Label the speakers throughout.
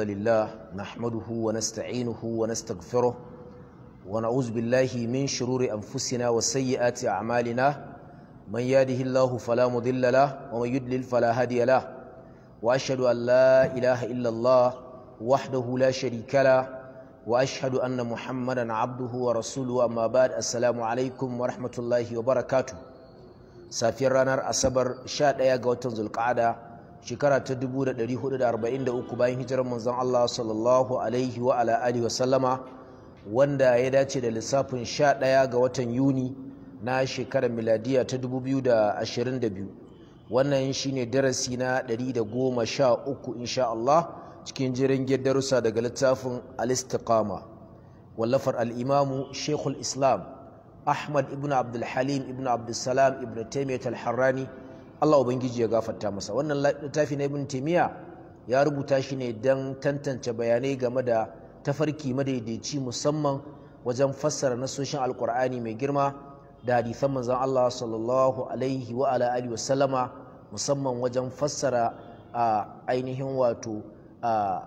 Speaker 1: لله نحمده ونستعينه ونستغفره ونعوذ بالله من شرور أنفسنا وسيئات أعمالنا من يهده الله فلا مضل له ومن يضلل فلا هادي له وأشهد أن لا إله إلا الله وحده لا شريك له وأشهد أن محمدا عبده ورسوله أما بعد السلام عليكم ورحمة الله وبركاته سافر رانر أصبر شاد أيا قوتن ذو القعدة shekara ta 1443 bayan hijirar manzon Allah sallallahu alaihi wa ala wa sallama wanda ya dace da lissafin sha 11 ga watan Yuni na shekarar miladiya ta 2022 wannan shine darasi na 113 insha Allah cikin jirin darussa daga littafin al wallafar al-imamu Sheikhul Islam Ahmad ibn Abdul ibn Abdul Salam ibn Taymiyyah harrani Allah ubangiji ya gafarta masa wannan littafi na ibn taymiya ya rubuta shi ne don tantance bayanai game da tafarki madaidaici musamman wajen fassara nasoshin alkur'ani mai girma da hadisan manzon Allah sallallahu alaihi wa ala wa sallama musamman wajen fassara a ainihin wato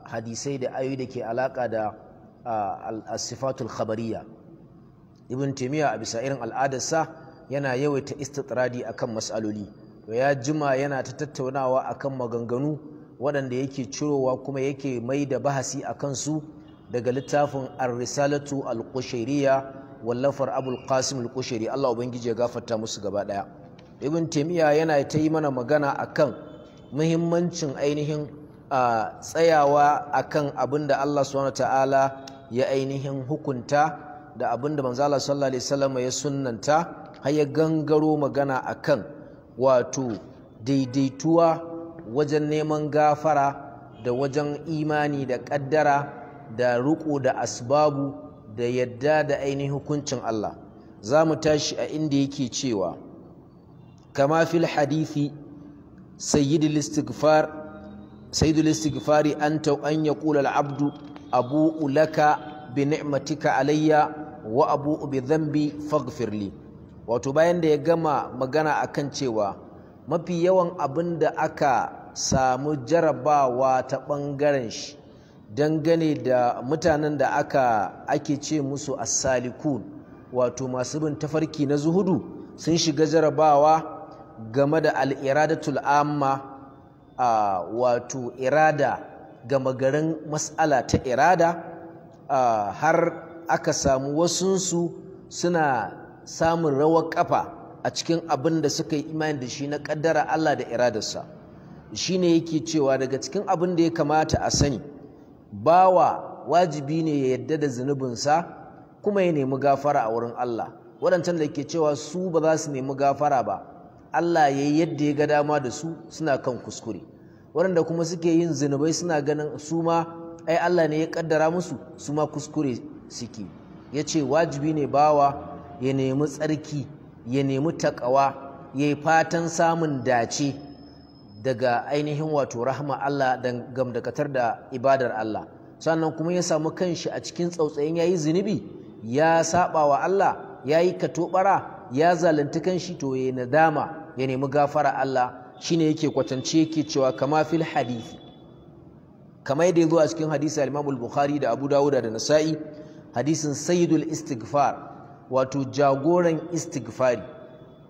Speaker 1: hadisai da ayoyi da ke alaka da al-sifatul khabariya ibn taymiya a bisa irin al'adarsa yana yawaita istitradi akan mas'aloli ya jima yana ta tattaunawa akan maganganu waɗanda yake cirowa kuma yake mai da bahasi a kansu daga littafin ar-risalatu al-qushairiyya wallafar abul qasim al-qushairi Allah ubangiji ya gafarta musu gaba daya ibn taymiya yana ta yi mana magana akan muhimmancin ainihin tsayawa akan abin da Allah subhanahu ta'ala ya ainihin hukunta da abin da manzo Allah sallallahu alaihi wasallam ya sunnanta har ya gangaro magana akan wato daidaituwa wajen neman gafara da wajen imani da ƙaddara da riƙo da asbabu da yadda da ainihin hukuncin Allah za mu tashi a inda yake cewa kama fil hadithi sayyidul listigfari an istighfari ya an al'abdu abdu abu ulaka bi ni'matika alayya wa abu bi zambi faghfir li wato bayan da ya gama magana akan cewa mafi yawan abin da aka samu jarabawa ta ɓangaren shi gane da mutanen da aka ake ce musu asalikun wato masu bin tafarki na zuhudu sun shiga jarabawa game da al'iradatul amma wato irada gama garin matsala ta irada har aka samu wasunsu suna samun rawar kafa a cikin abin da suka yi imani da shi na kaddara Allah da iradarsa shine yake cewa daga cikin abin da ya kamata a sani bawa wajibi ne ya yadda da zunubinsa kuma ya nemi gafara a wurin Allah waɗancan da ke cewa su ba za su nemi gafara ba Allah ya yadda ya ga dama da su suna kan kuskure waɗanda kuma suke yin zunubai suna ganin su ma ai Allah ne ya kaddara musu su ma kuskure suke ya ce wajibi ne bawa ya nemi tsarki ya nemi taƙawa ya yi fatan samun dace daga ainihin wato rahama Allah da gamdakatar da ibadar Allah sannan kuma ya samu kanshi a cikin tsautsayin ya yi zunubi ya saba wa Allah ya yi katobara ya zalunta kanshi to ya nadama ya nemi gafara Allah shine yake kwatance yake cewa kama fil hadisi kama yadda ya zo a cikin hadisi al-Imam bukhari da Abu Dawud da Nasa'i hadisin Sayyidul Istighfar wato jagoran istighfari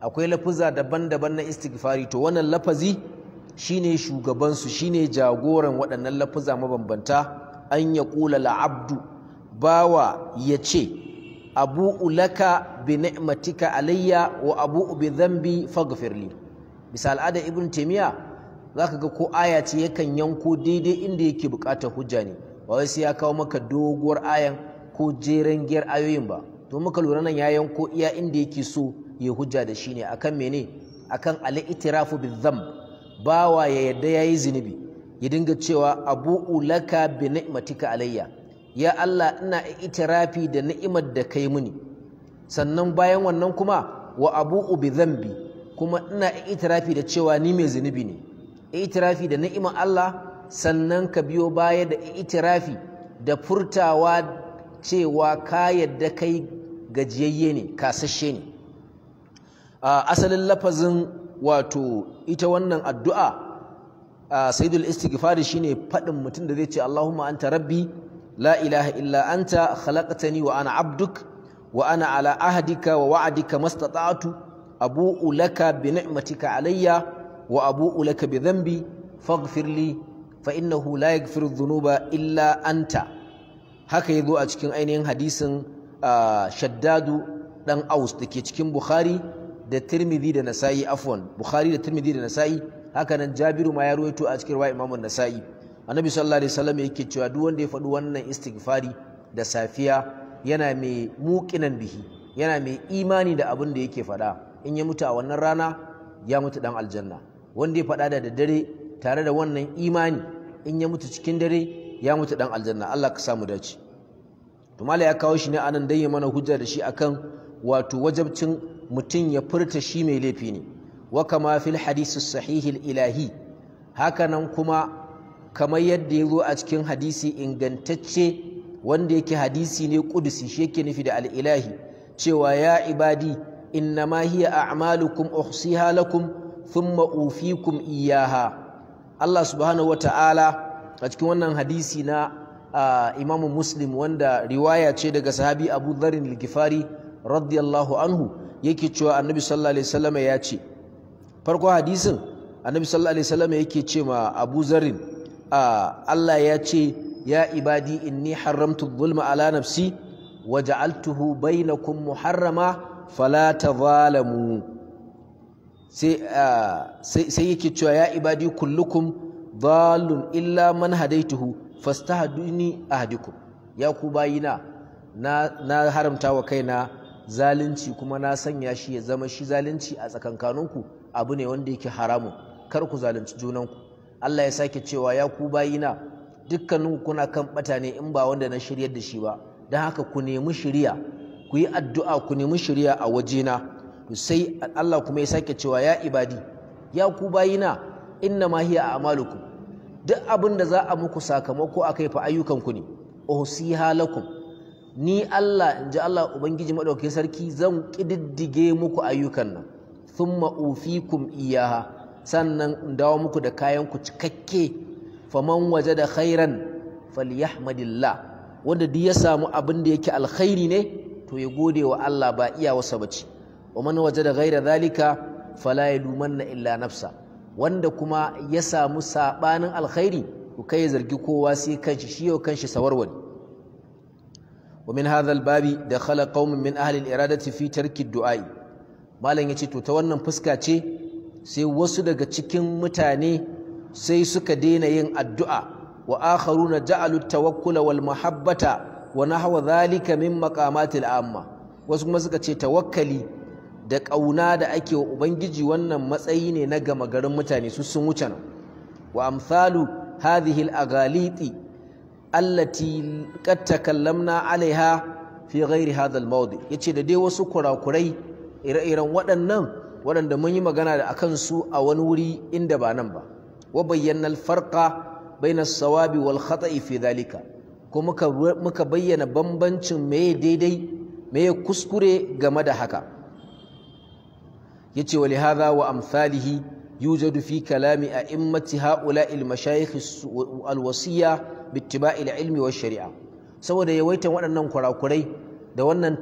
Speaker 1: akwai lafuza daban-daban na istighfari to wannan lafazi shine shugabansu shine jagoran waɗannan lafuza mabambanta an ya ƙula la'abdu bawa ya ce abu ulaka bi ni'matika alayya wa abu bi dhanbi faghfirli misal ada ibn taymiya zaka ga ko aya ce yakan yanko daidai inda yake bukatar hujja ne ba sai ya kawo maka doguwar ayan ko jeren giyar ayoyin ba to muka lura nan ya yanko iya inda yake so ya hujja da shi ne akan mene akan al-itirafu bi-dhanb bawa ya yadda yayi zinubi ya dinga cewa abu ulaka bi ni'matika alayya ya Allah ina itirafi da ni'imar da kai muni. sannan bayan wannan kuma wa abu bi dhanbi kuma ina itirafi da cewa ni mai zinubi ne itirafi da ni'imar Allah sannan ka biyo baya da itirafi da furtawa cewa ka yadda kai gajiyayye ne kasashe ne asalin lafazin wato ita wannan addu'a saidul istighfari shine faɗin mutum da zai ce Allahumma anta rabbi la ilaha illa anta khalaqtani wa ana abduk wa ana ala ahadika wa wa'adika mastata'tu abu'u laka bi ni'matika alayya wa abu'u laka bi dhanbi faghfir fa innahu la yaghfiru dhunuba illa anta haka ya zo a cikin ainihin hadisin shaddadu dan aus da ke cikin bukhari da tirmidhi da nasa'i afwan bukhari da tirmidhi da nasa'i haka nan jabiru ma ya ruwaito a cikin riwayar imamu nasa'i annabi sallallahu alaihi wasallam yake cewa duk wanda ya faɗi wannan istighfari da safiya yana mai muqinan bihi yana mai imani da abin da yake faɗa in ya mutu a wannan rana ya mutu dan aljanna wanda ya faɗa da dare tare da wannan imani in ya mutu cikin dare ya mutu dan aljanna Allah ka samu dace to mala ya kawo shi ne anan dai ya mana hujja da shi akan wato wajabcin mutum ya furta shi mai laifi ne wa kama fil hadisi sahihil ilahi hakanan kuma kamar yadda ya zo a cikin hadisi ingantacce wanda yake hadisi ne kudusi shi yake nufi da al'ilahi cewa ya ibadi innama hiya a'malukum uhsiha lakum thumma ufikum iyaha Allah subhanahu Ta'ala. a cikin wannan hadisi na imamu muslim wanda riwaya ce daga sahabi abu dharin al-gifari radiyallahu anhu yake cewa annabi sallallahu alaihi wasallam ya ce farko hadisin annabi sallallahu alaihi wasallam yake ce ma abu zarin Allah ya ce ya ibadi inni haramtu dhulma ala nafsi wa ja'altuhu bainakum muharrama fala tadhalamu sai sai yake cewa ya ibadi kullukum dalun illa man hadaituhu fastahduni ahdikum ya ku bayina na na haramta wa kaina zalunci kuma na sanya shi ya zama shi zalunci a tsakankaninku abu ne wanda yake haramu, kar ku zalunci junanku Allah ya sake cewa ya ku bayina dukkanin kuna kan bata in ba wanda na shiryar da shi ba don haka ku nemi shiriya ku yi addu'a ku nemi shiriya a wajena sai Allah kuma ya sake cewa ya ibadi ya ku bayina inna ma hiya a'malukum duk abin da za a muku sakamako a kai fa ayyukanku ne uhsiha lakum ni Allah in ji Allah ubangiji madaukakin sarki zan kididdige muku ayyukan nan thumma ufikum iyaha sannan in dawo muku da kayan ku cikakke faman wajada khairan falyahmadillah wanda duk ya samu abin da yake alkhairi ne to ya gode wa Allah ba iya wasa bace wa man wajada ghaira zalika fala yadumanna illa nafsa wanda kuma ya samu saɓanin alkhairi ku kai ya zargi kowa sai kanshi shi yau kanshi sawarwari wa min hadha albabi dakhala qaumun min ahli irada iradati fi tarki ad-du'a malam yace to ta wannan fuska ce sai wasu daga cikin mutane sai suka daina yin addu'a wa na ja'alu at-tawakkula wal mahabbata wa nahwa dhalika min maqamatil amma wasu kuma suka ce tawakkali da ƙauna da ake wa ubangiji wannan matsayi ne na gama garin mutane su sun wuce nan wa amsalu hadhihi al-aghaliti allati qad takallamna alaiha fi ghairi hadha al-mawdi yace da dai wasu kurakurai ire-iren waɗannan waɗanda mun yi magana da akan su a wani wuri inda ba nan ba wa bayyana al-farqa bayna as-sawabi wal khata'i fi dhalika ko muka muka bayyana bambancin meye daidai meye kuskure game da haka yace wali hadha wa amsalihi yujadu fi kalami a'immati ha'ula'i al-mashayikh al-wasiyya bittiba'i al-ilmi wa shari'a saboda yawaitan waɗannan kurakurai da wannan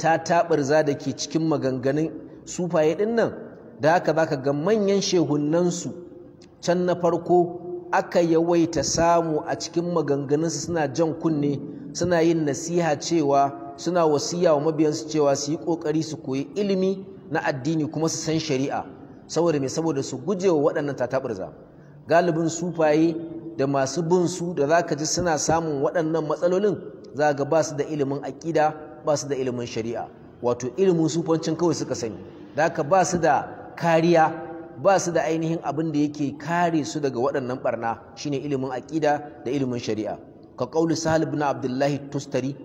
Speaker 1: za da ke cikin maganganun sufaye din nan da haka zaka ga manyan shehunan su can na farko aka yawaita samu a cikin maganganunsu suna jan kunne suna yin nasiha cewa suna wasiya wa mabiyansu cewa su yi ƙoƙari su koyi ilimi na addini kuma su san shari'a saboda mai saboda su gujewa waɗannan tataɓurza galibin sufaye da masu bin su da ka ji suna samun waɗannan matsalolin za ga ba su da ilimin aƙida ba su da ilimin shari'a wato ilimin sufancin kawai suka sani da ka ba su da kariya ba su da ainihin abin da yake kare su daga waɗannan barna shine ilimin aƙida da ilimin shari'a ka qauli sahal na abdullahi tustari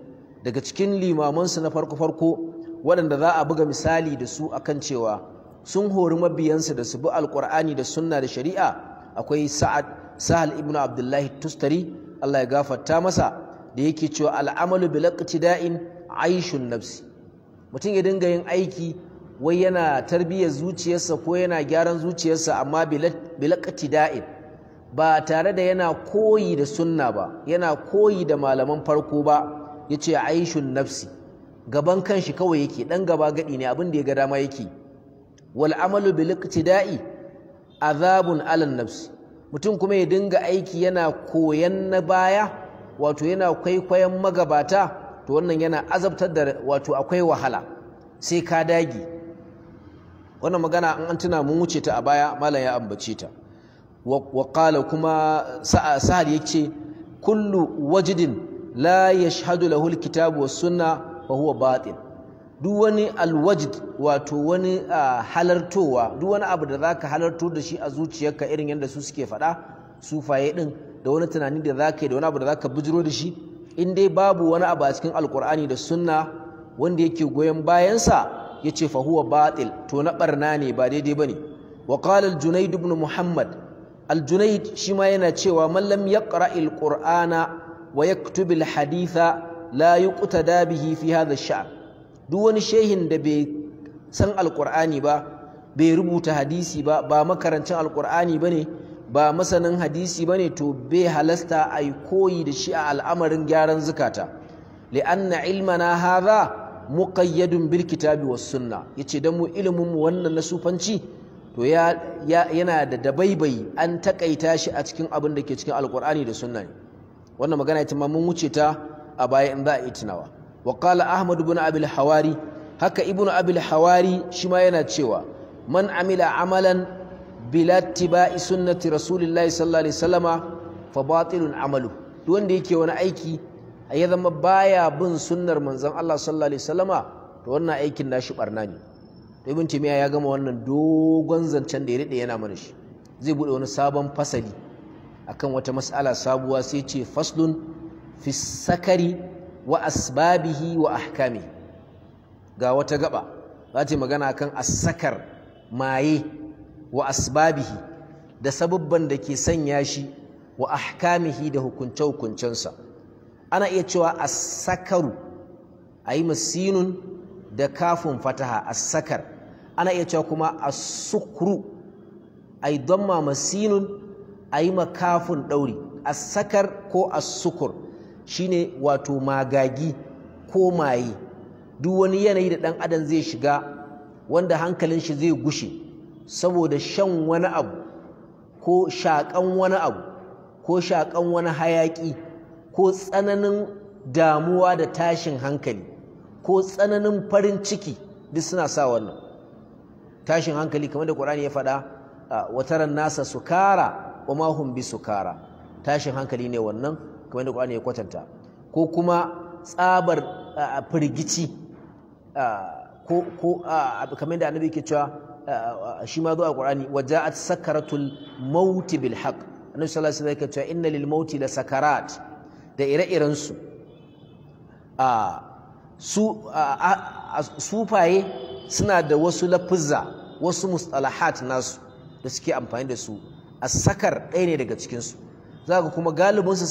Speaker 1: daga cikin limamansu na farko farko waɗanda za a buga misali da su akan cewa sun hori mabiyansa da su bi alƙur'ani da sunna da shari'a akwai sa'ad sahal ibnu abdullahi tustari Allah ya gafarta masa da yake cewa al'amalu bil iqtida'in aishun nafsi mutum ya dinga yin aiki wai yana tarbiyyar zuciyarsa ko yana gyaran zuciyarsa amma bil iqtida'in ba tare da yana koyi da sunna ba yana koyi da malaman farko ba yace aishun nafsi gaban kanshi kawai yake dan gaba gadi ne abin da ya ga dama yake wal amalu bil iqtida'i azabun alan nafsi mutum kuma ya dinga aiki yana koyan na baya wato yana kwaikwayon magabata to wannan yana azabtar da wato akwai wahala sai ka dagi wannan magana an an tuna mun wuce ta a baya malam ya ambace ta wa qala kuma sa'al yace kullu wajidin la yashhadu lahu alkitabu was sunnah fa huwa duk wani alwajd wato wani halartowa duk wani abu da zaka halarto da shi a zuciyarka irin yadda su suke faɗa sufaye din da wani tunani da zaka yi da wani abu da zaka bijiro da shi in dai babu wani abu a cikin alkur'ani da sunna wanda yake goyon bayansa ya ce, fahuwa batil to na ɓarna ne ba daidai bane wa qala al-junayd muhammad al-junayd shi ma yana cewa man lam yaqra al-qur'ana wa yaktubu al la yuqtada bihi fi hadha ash duk wani shehin da bai san alqur'ani ba bai rubuta hadisi ba ba makarancin alqur'ani bane ba masanin hadisi bane to bai halasta ai koyi da shi a al'amarin gyaran zukata li'anna ilmana hadha muqayyadun bil kitabi was sunna yace dan mu ilimin mu wannan na sufanci to yana da dabaibai an takaita shi a cikin abin da ke cikin alqur'ani da sunna ne wannan magana ita ma mun wuce ta a baya in za a yi tunawa wa qala ahmad ibn abil hawari haka ibn abil hawari shi ma yana cewa man amila amalan bila tiba'i sunnati rasulillahi sallallahu alaihi wasallama fa batilun amalu duk wanda yake wani aiki ya zama baya bin sunnar manzon Allah sallallahu alaihi wasallama to wannan aikin nashi barna ne to ibn timiya ya gama wannan dogon zancen da ya rade yana mana shi zai bude wani sabon fasali akan wata mas'ala sabuwa sai ce faslun fi sakari wa asbabihi wa ahkami ga wata gaba za ta magana kan asakar maye wa asbabihi da sabubban da ke sanya shi wa ahkamihi da hukunce-hukuncensa ana iya cewa asakaru a yi masinun da kafin fataha asakar ana iya cewa kuma asukuru a yi don masinun a yi makafin ɗauri asakar ko asukur shine wato magagi ko maye duk wani yanayi da ɗan adam zai shiga wanda hankalin shi zai gushe saboda shan wani abu ko shaƙan wani abu ko shaƙan wani hayaƙi ko tsananin damuwa da tashin hankali ko tsananin farin ciki duk suna sa wannan tashin hankali kamar da Qur'ani ya faɗa ah, wataran nasa sukara wa ma bi sukara tashin hankali ne wannan kamar da Qur'ani ya kwatanta ko kuma tsabar firgici ko ko kamar da annabi yake cewa shi ma zuwa Qur'ani waja'at sakaratul mauti bil haqq annabi sallallahu alaihi wasallam yake cewa inna lil mauti la sakarat da ire-iren su su sufaye suna da wasu lafuzza wasu mustalahat nasu da suke amfani da su a sakar ɗaya ne daga cikinsu za ga kuma galibinsu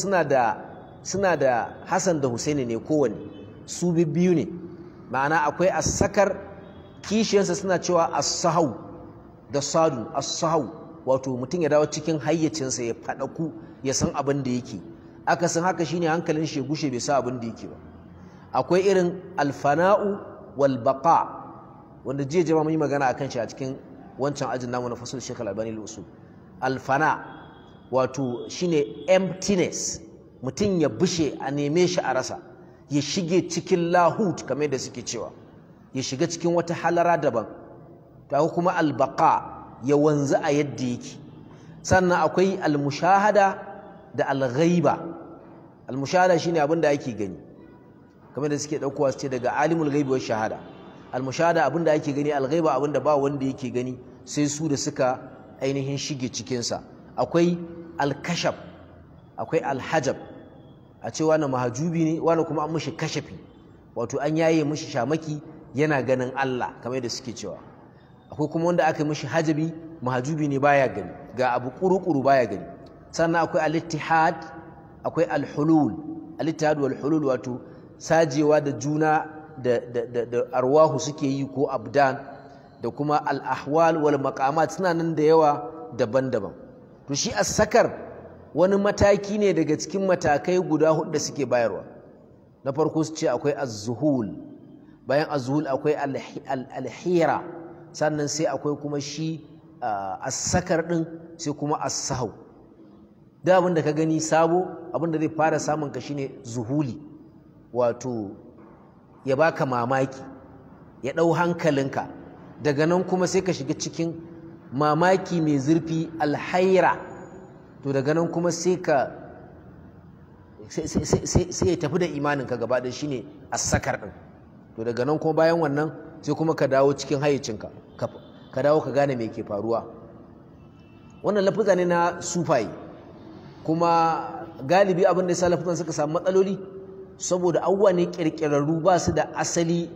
Speaker 1: suna da Hassan da Husaini ne kowanne su biyu ne ma'ana akwai asakar kishiyansa suna cewa as-sahau da sadu as-sahau wato mutum ya dawo cikin hayyacinsa ya faɗaku ya san abin da yake san haka shine hankalin shi gushe bai sa abin da yake ba akwai irin alfana'u wal baqa wanda jiya jama'a mun yi magana akan shi a cikin wancan ajin namu na fasul Sheikh Al-Albani al alfana wato shine emptiness mutum ya bushe a neme shi a rasa ya shige cikin lahut kamar da suke cewa ya shiga cikin wata halara daban ta kuma albaka ya wanzu a yadda yake sannan akwai almushahada da alghaiba almushahada shine abin da ake gani kamar da suke daukowa su ce daga alimul ghaibi shahada almushahada abin da ake gani alghaiba abin da ba wanda yake gani sai su da suka ainihin shige cikinsa akwai alkashaf akwai alhajab a ce wani mahajubi ne wani kuma an mushi kashafi wato an yaye mushi shamaki yana ganin Allah kamar yadda suke cewa akwai kuma wanda aka yi mushi hajabi mahajubi ne baya gani ga abu kurukuru baya gani sannan akwai alittihad akwai alhulul alittihad wal hulul wato sajewa da juna da, da, da arwahu suke yi ko abdan da kuma al-ahwal wal maqamat suna nan da yawa daban-daban to shi as-sakar wani mataki ne daga cikin matakai guda hudu da suke bayarwa na farko su ce akwai az-zuhul bayan az-zuhul akwai al-hira sannan sai akwai kuma shi as-sakar din sai kuma as-sahw da abin da ka gani sabo abin da zai fara samun ka shine zuhuli wato ya baka mamaki ya ɗau hankalinka daga nan kuma sai ka shiga cikin mamaki mai zurfi alhaira to daga nan kuma sai ka sai ya tafi da imanin ka gaba ɗaya shine asakar ɗin to daga nan kuma bayan wannan sai kuma ka dawo cikin hayyacinka ka dawo ka gane me ke faruwa wannan lafuza ne na sufaye kuma galibi abin da ya sa lafuzan suka samu matsaloli saboda awwa ne kirkirarru ba su da asali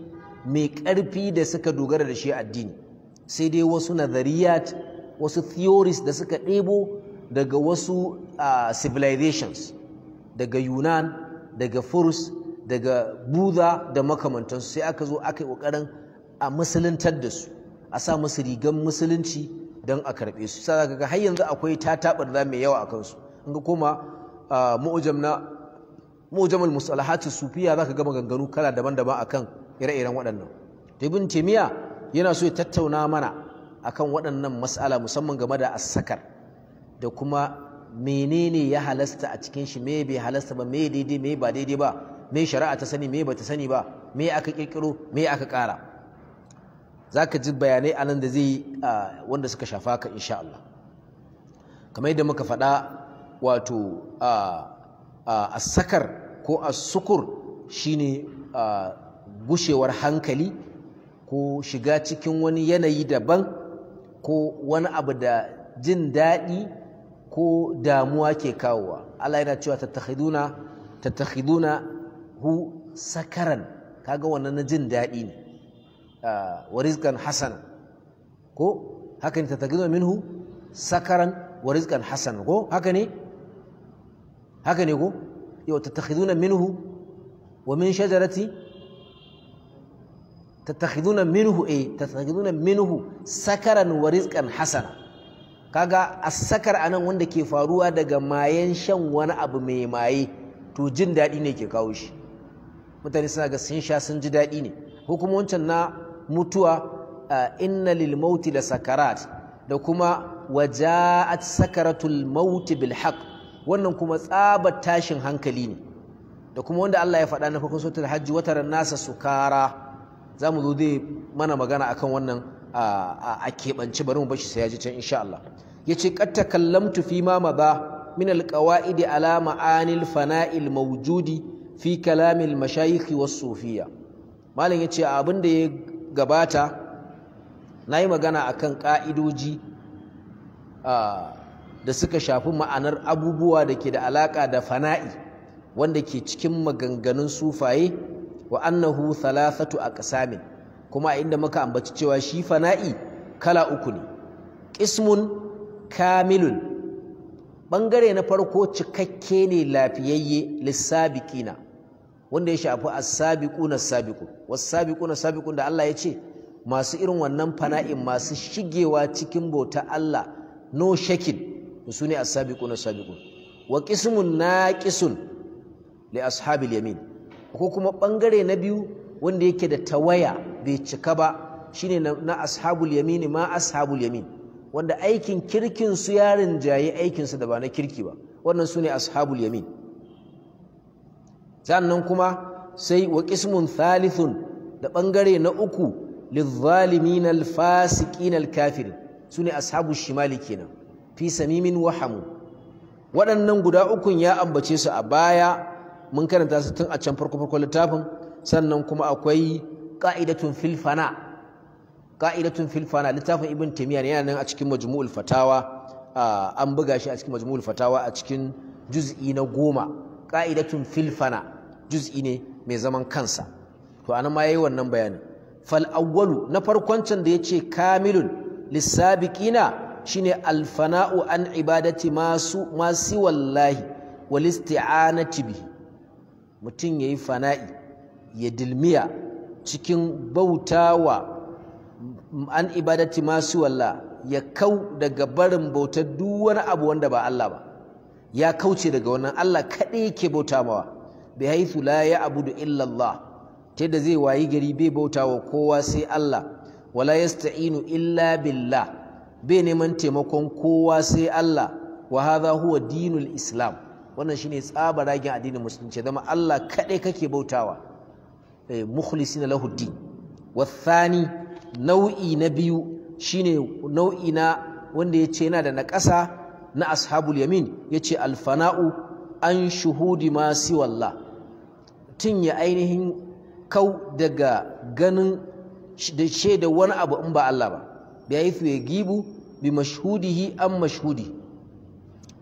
Speaker 1: mai ƙarfi da suka dogara da shi addini sai dai wasu nazariyat wasu theories da suka ɗebo daga wasu civilizations daga yunan daga furs daga buda da makamantansu sai aka zo aka yi ƙoƙarin a musuluntar da su a sa musu rigan musulunci don a karɓe su sai kaga har yanzu akwai tatabar za mai yawa a kansu in ga koma mu'jam na mu'jamul musalahatu sufiya zaka gama ganganu kala daban-daban akan ire-iren waɗannan ibn miya. yana so ya tattauna mana akan waɗannan mas'ala musamman game da asakar da kuma menene ya halasta a cikin shi me bai halasta ba me daidai me ba daidai ba me shari'a ta sani me bata sani ba me aka kirkiro me aka kara zaka ji bayanai anan da zai wanda suka shafa ka insha Allah kamar yadda muka faɗa wato asakar ko a asukur shine gushewar hankali ko shiga cikin wani yanayi daban ko wani abu da jin daɗi ko damuwa ke kawowa Allah yana cewa tattakhiduna tattakhiduna hu sakaran kaga wannan na jin daɗi ne ah, wa rizqan hasana ko haka ne tattakhiduna minhu sakaran wa rizqan hasana ko haka ne haka ne ko yau tattakhiduna minhu wa min shajarati tattakhiduna minhu eh tattakhiduna minhu sakaran wa rizqan hasana kaga as-sakar anan wanda ke faruwa daga mayen shan wani abu mai maye to jin daɗi ne ke kawo shi mutane suna ga sun sha sun ji daɗi ne ko kuma wancan na mutuwa inna lil mauti la sakarat da kuma waja'at sakaratul mauti bil haqq wannan kuma tsabar tashin hankali ne da kuma wanda Allah ya faɗa na farkon suratul hajji wataran nasa sukara za mu zo zai mana magana akan wannan a keɓance bari mu bashi sai ya ji can insha Allah ya ce kad takallamtu fi ma madha min alqawaid ala ma'anil fana'il mawjudi fi kalamil mashayikh was sufiya malam ya ce abin da ya gabata na yi magana akan ƙa'idoji da suka shafi ma'anar abubuwa da ke da alaƙa da fana'i wanda ke cikin maganganun sufaye wa annahu thalathatu aqsamin kuma inda muka ambaci cewa shi fana'i kala uku ne qismun kamilun bangare na farko cikakke ne lafiyayye lissabiqina wanda ya shafi as-sabiquna as-sabiqun was-sabiquna as-sabiqun da Allah ya ce masu irin wannan fana'in masu shigewa cikin bauta Allah no shakin su ne as-sabiquna as-sabiqun wa qismun naqisun li ashabil yamin ko kuma ɓangare na biyu wanda yake da tawaya bai cika ba shine na ashabul yamin ma ashabul yamin wanda aikin kirkin su ya jaye aikin su da ba na kirki ba wannan sune ashabul yamin sannan kuma sai wa qismun thalithun da ɓangare na uku fasikin alfasiqin alkafir sune ashabu shimali kenan fi samimin wahamu waɗannan guda ukun ya ambace su a baya mun karanta su tun a can farko farko littafin sannan kuma akwai ka'idatun filfana ka'idatun filfana littafin ibn taymiya ne yana nan a cikin majmu'ul fatawa an buga shi a cikin majmu'ul fatawa a cikin juz'i na goma ka'idatun filfana juz'i ne mai zaman kansa to anan ma yayi wannan bayanin fal na farkon can da ce kamilun lisabiqina shine alfana'u an ibadati masu wallahi wal isti'anati bihi mutum ya yi fana'i ya dilmiya cikin bautawa an ibadati masu walla ya kau daga barin bautar duk wani abu wanda ba Allah ba ya kauce daga wannan Allah kaɗai yake bauta mawa bi haithu la ya abudu illallah ta da zai wayi gari bai bauta wa kowa sai Allah wala yasta'inu illa billah bai neman taimakon kowa sai Allah wa hadha huwa dinul islam wannan shine tsaba ragin addinin musulunci zama Allah kaɗai kake bautawa eh mukhlisina na din wathani nau'i na biyu shine nau'i na wanda yace yana da naƙasa na ashabul yamin yace alfana'u an shuhudi ma siwallah tun ya ainihin kau daga ganin da shaida wani abu in ba Allah ba bi ya gibu bi mashhudihi an mashhudi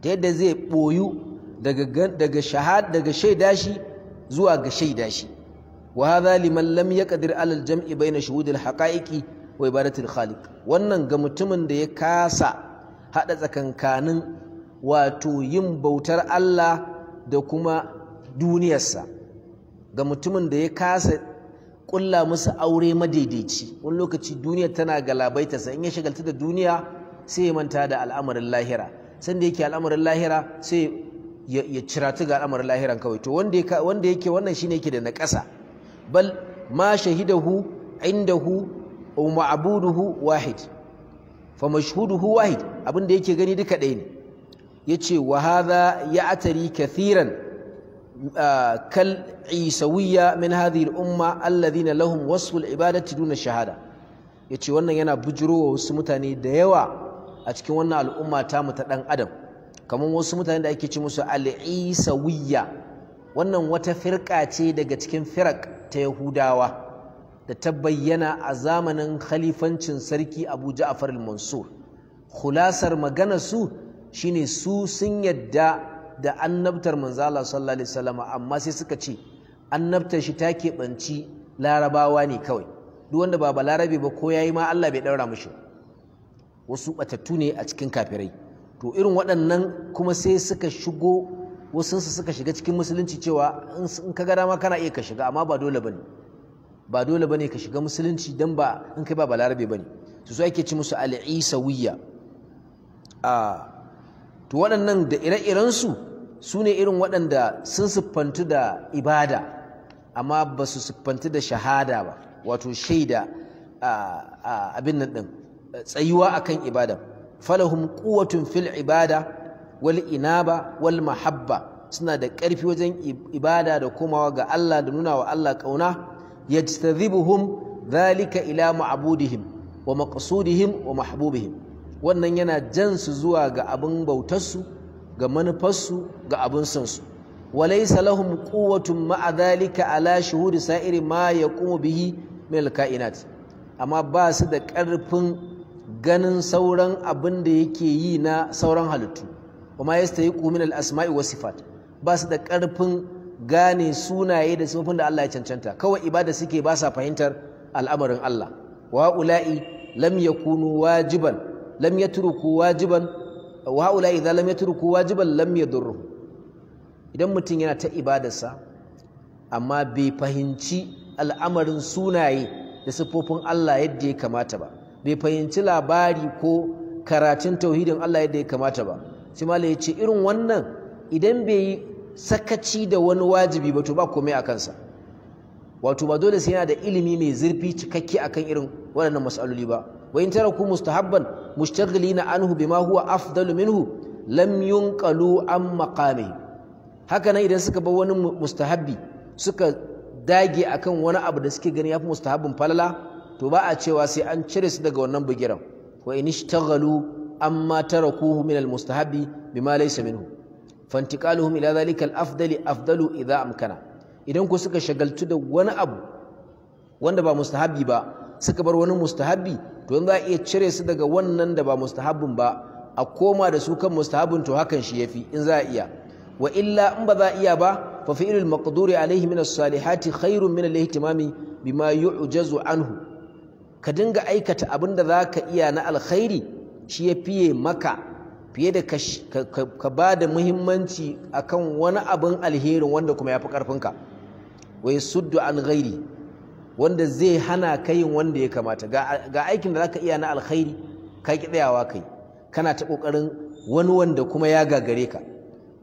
Speaker 1: ta yadda zai boyu daga shahad daga shaida shi zuwa ga shaida shi wa hadha liman lam yaqdir ala al-jam'i bayna shuhud al-haqa'iqi wa al khaliq wannan ga mutumin da ya kasa hada tsakankanin wato yin bautar Allah da kuma duniyarsa ga mutumin da ya kasa kulla musu aure madaidaici wani lokaci duniya tana galabaita sai in ya shagalta da duniya sai ya manta da al'amarin lahira sanda yake al'amarin lahira sai ya cira ga al'amarin lahiran kawai to wanda yake wannan shine yake da naƙasa bal ma shahidahu indahu wa ma'buduhu wahid fa mashhuduhu wahid abin yake gani duka ɗaya ne yace wa hadha ya'tari kathiran kal isawiyya min hadhihi al-umma alladhina lahum wasfu al-ibadati duna shahada yace wannan yana bujurowa wasu mutane da yawa a cikin wannan al'umma mu ta dan adam kamar wasu mutane da ake ci musu al'isawiyya wannan wata firka ce daga cikin firak ta yahudawa da ta bayyana a zamanin khalifancin sarki abu ja'far al-mansur khulasar magana su shine su sun yadda da annabtar manzo Allah sallallahu alaihi wasallam amma sai suka ce annabtar shi ta keɓanci larabawa ne kawai duk wanda ba balarabe ba ko yayi ma Allah bai daura mishi wasu batattu ne a cikin kafirai to irin waɗannan kuma sai suka shigo wasunsu suka shiga cikin musulunci cewa in ka ga dama kana iya ka shiga amma ba dole bane ba dole bane ka shiga musulunci dan ba in kai ba balarabe bane su so ake ci musu al'isawiyya a to waɗannan da ire iren su ne irin waɗanda sun siffantu da ibada amma ba su siffantu da shahada ba wato shaida abin nan ɗin tsayuwa akan ibada falahum quwwatun fil ibada wal inaba wal mahabba suna da ƙarfi wajen ibada da komawa ga Allah da nuna wa Allah kauna yajtazibuhum dhalika ila ma'budihim wa maqsudihim wa mahbubihim wannan yana jan su zuwa ga abin su, ga manufar su, ga abin su walaysa lahum quwwatun ma'a dhalika ala shuhudi sa'iri ma yaqumu bihi min kainat amma ba su da ƙarfin ganin sauran abin da yake yi na sauran halittu kuma ya stayi min al-asma'i wa sifat ba su da ƙarfin gane sunaye da sifofin da Allah ya cancanta kawai ibada suke ba sa fahimtar al'amarin Allah wa ula'i lam yakunu wajiban lam yatruku wajiban wa ula'i idza lam yatruku wajiban lam yadurru idan mutum yana ta ibadarsa amma bai fahimci al'amarin sunaye da sifofin Allah yadda ya kamata ba bai fahimci labari ko karatun tauhidin Allah yadda ya kamata ba sai malai ya ce irin wannan idan bai yi sakaci da wani wajibi ba to ba komai a kansa wato ba dole sai yana da ilimi mai zurfi cikakke akan irin waɗannan mas'aloli ba wa in taraku mustahabban mushtaghilina anhu bima huwa afdalu minhu lam yunqalu an maqami haka nan idan suka bar wani mustahabbi suka dage akan wani abu da suke gani yafi mustahabbin falala to ba a cewa sai an cire su daga wannan bugiran wa in ishtaghalu amma tarakuhu min almustahabi bima laysa minhu fantiqaluhum ila dhalika alafdali afdalu idha amkana idan ku suka shagaltu da wani abu wanda ba mustahabi ba suka bar wani mustahabi to yanzu za a iya cire su daga wannan da ba mustahabin ba a koma da su kan mustahabin to hakan shi yafi in za a iya wa illa in ba za a iya ba fa fi'lul maqduri alaihi min as-salihati khairun min al-ihtimami bima yu'jazu anhu ka dinga aikata abin da za ka iya na alkhairi shi ya fiye maka fiye da ka ba da muhimmanci akan wani abin alherin wanda kuma ya fi ƙarfinka wai suddu an ghairi wanda zai hana ka yin wanda ya kamata ga aikin da za ka iya na alkhairi ka ƙi tsayawa kai kana ta ƙoƙarin wani wanda kuma ya gagare ka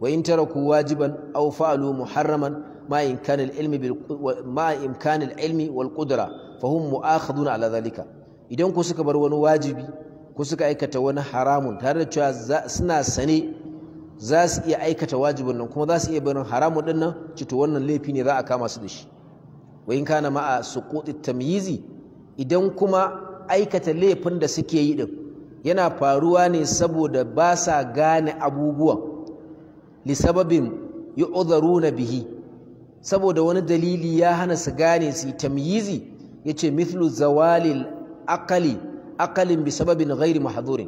Speaker 1: Wai in ku wajiban au fa'alu muharraman ma imkanil ilmi wal fahum mu'akhaduna ala zalika idan ku suka bar wani wajibi ku suka aikata wani haramun tare da cewa suna sane za su iya aikata wajibin nan kuma za su iya barin haramun din nan cito wannan laifi ne za a kama su da shi wa in kana ma'a suquti tamyizi idan kuma aikata laifin da suke yi din yana faruwa ne saboda ba sa gane abubuwan li sababin yu'dharuna bihi saboda wani dalili ya hana su gane su tamyizi yace mithlu zawalil akali akalin bi sababin ghairi mahdhurin